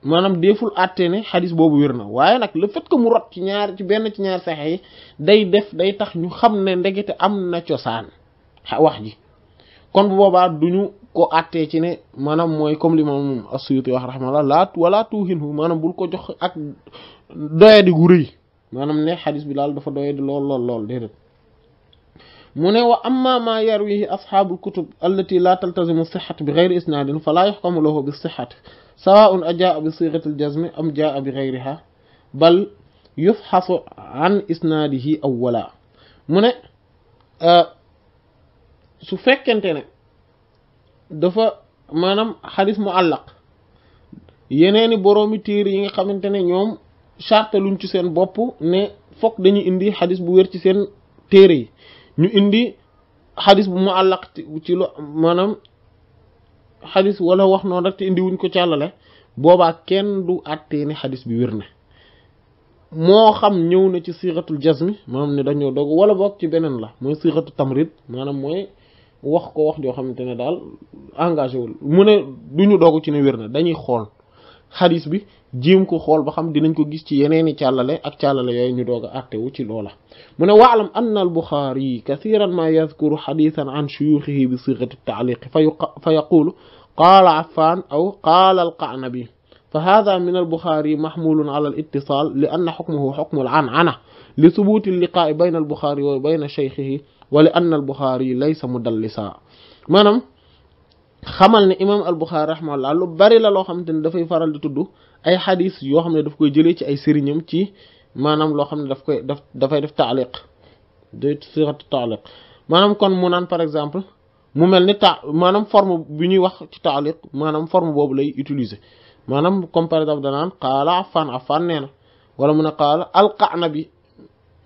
maanaam déful àtte ne xadis boobu wér na waaye nag le fait que mu rot ci ñaar ci benn ci ñaar saxe yi day def day tax ñu xam ne ndegete am na cosaan wax ji kon bu boobaa duñu ko àttee ci ne maanaam mooy comme li imam As-Suyuti wax rahimahullah laa wala tuuhinhu maanaam bul ko jox ak doyadi gu rëy maanaam ne xadis bi daal dafa doyadi lool lool lool déedéet mu ne wa amma yar wi ashaabul kutub allati la taltazimu sixat bi geyri isnaadin falaa yuxkamu lahu bi sixat sawaun a jaa bi sighati al-jazmi am jaa bi ghayriha bal yufhasu an aw awwala mu ne euh, su fekkente ne dafa maanaam xadis mu àllaq yeneeni boroomi téere yi nga xamante ne ñoom charte luñ ci seen bopp ne fokk dañu indi xadis bu wér ci seen téere yi ñu indi xadis bu mu àllaq ci lu maanaam xadis wala wax noonu rek te indiwuñ ko càllale boobaa kenn du àttee ni xadis bi wér na moo xam ñëw na ci siratul jazmi maanaam ne dañoo dogg wala boog ci beneen la mooy siratu tamrit maanaam mooy wax ko wax joo xamante ne daal engagé wul mu ne duñu dogg ci ne wér na dañuy xool hadith bi jim ko xol ba xam dinañ ko gis ci yeneeni cyallale ak cyallale yoy ñu doga a wu ci lola mune ne waalam anna al bukhari kaseeran ma yadhkuru hadithan an shuyukhihi bi sighati taaliqi taliq fa yaqulu qala affan aw qala al-qanabi fa hadha min al bukhari mahmulun ala al ittisal li anna hukmuhu hukm al anana li thubut al liqaai bayna al bukhari wa bayna shaykhihi wa li anna al bukhari laysa mudallisa manam xamal ne imaam al-Buxaari rahimahullah lu bari la loo xamante ne dafay faral di tudd ay xadis yoo xam ne daf koy jëlee ci ay ci maanaam loo xam ne daf koy daf dafay def taaliq day siratu taaliq maanaam kon mu naan par exemple mu mel ni taa maanaam forme bu ñuy wax ci taaliq maanaam forme boobu lay utiliser maanaam comme par exemple danaan qaala Affaan a nee neena wala mu ne qaala al-Qa'nabi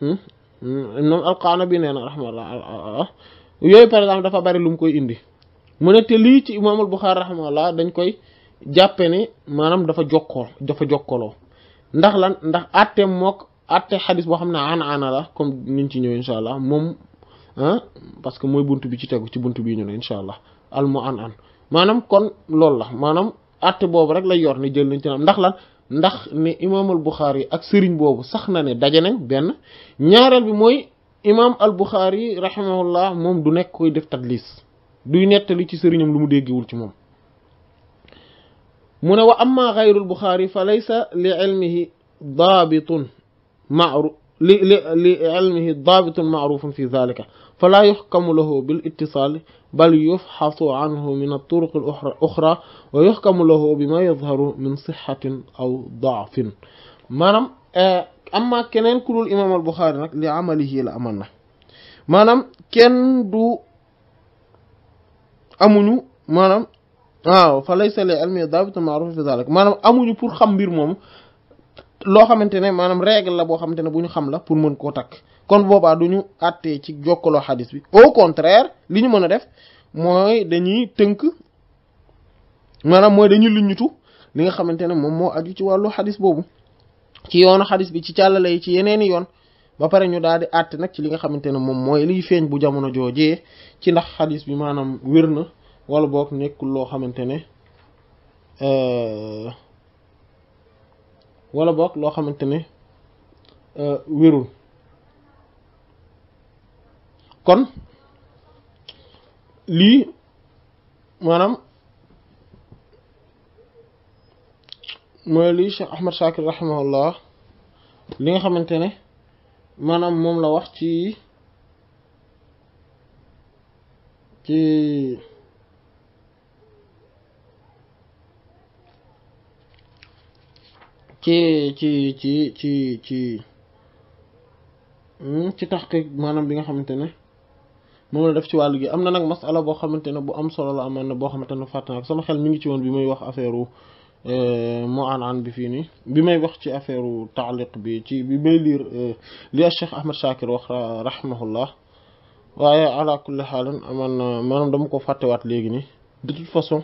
hmm, hmm, noom al-Qa'nabi nee na rahimahullah yooyu par exemple dafa bari lu mu koy indi mu ne te lii ci imaamul Buxaari rahimahullah dañ koy jàppe ne maanaam dafa jokkoo dafa jokkaloo ndax lan ndax àtte mook àtte xadis boo xam ne an ana la comme niñ ci ñëw incha allah moom parce que mooy bunt bi ci tegu ci bunt bii ñu ne incha allah al mu an an maanaam kon loolu la maanaam àtte boobu rek lay yor ne jël nañ ci ndax lan ndax ne imaamul Buxaari ak sëriñ boobu sax na ne daje nañ benn ñaareel bi mooy imaam al Buxaari rahimahullah moom du nekk koy def tadlis duy netali ci serignam lu mu déggewul ci moom mu ne wa amma xayrul buxaari fa laysa li'ilmihi dabitun ma'rufun fi li li li ilmihi daabitun maarufun fi dalika فلا يحكم له بالاتصال بل يفحص عنه من الطرق الأخرى ويحكم له بما يظهر من صحة أو ضعف مانم أما كنين كل الإمام البخاري لعمله لأمانة manam ken du amuñu maanaam waaw fa lay sale almia dabita maaruf fi zalik maanaam amuñu pour xam mbir moom loo xamante ne maanaam règle la boo xamante ne bu ñu xam la pour mën koo takk kon boobaa du ñu àttee ci jokkaloo xadis bi au contraire li ñu mën a def mooy dañuy tënk maanaam mooy dañuy luññutu li nga xamante ne moom moo aju ci wàllu xadis boobu ci yoonu xadis bi ci càllale yi ci yeneeni yoon ba pare ñu daal di àtte nag ci li nga xamante ne moom mooy liy feeñ bu jamono joojee ci ndax xadis bi maanaam wér na wala boog nekkul loo xamante ne euh, wala boog loo xamante ne euh, wérul kon lii maanaam mooy lii Cheikh Ahmad Shakir rahimahullah li nga xamante ne maanaam moom la wax ci ci ci ci ci ci ci hmm, ci taxqiq maanaam bi nga xamante ne moom la def ci wàllu gi am na nag masala boo xamante ne bu am solo la amoon na boo xamante ne fàtte naa sama xel mi ngi ci woon bi muy wax affaire Mou'ane Hann bi fii nii bi may wax ci affaireu ta'liq bi ci bi may lire li Cheikh Ahmed Shakir wax rahimahullah waaye ala kul hal man manam dama ko fatte wat legui ni de toute façon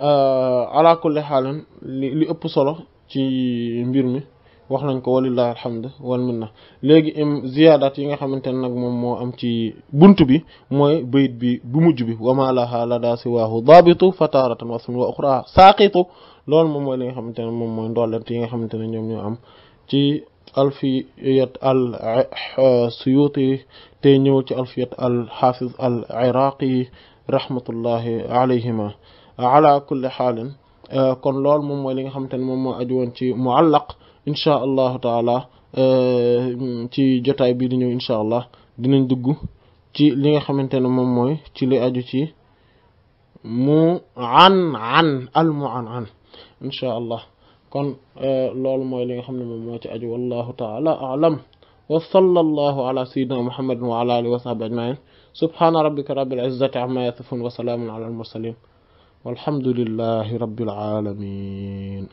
euh ala kul hal li ëpp solo ci mbir mi. wax nañ ko walillahi alhamd wal minna legi im ziyadat yi nga xamantene nak mom mo am ci buntu bi moy bayit bi bu mujju bi wama la hala laha lada siwaahu daabitu fataratan wasmun wa ukhra saqitu lol mom moy li nga xamantene mom moy mooy yi nga xamantene ñom ñu am ci alfiyat al suyuti te ñëw ci alfiyat al hafiz al iraqi rahmatullahi alayhima ala kulli halin kon lol mom moy li nga xamantene mom mo aju won ci muallaq ان شاء الله تعالى تي جوتاي بي دي ان شاء الله دي نن دغ تي ليغا خامتاني موم موي تي لي ادو تي مو عن عن المعن عن ان شاء الله كون لول موي ليغا خامني موم موي تي ادو والله تعالى اعلم وصلى الله على سيدنا محمد وعلى اله وصحبه اجمعين سبحان ربك رب العزة عما يصفون وسلام على المرسلين والحمد لله رب العالمين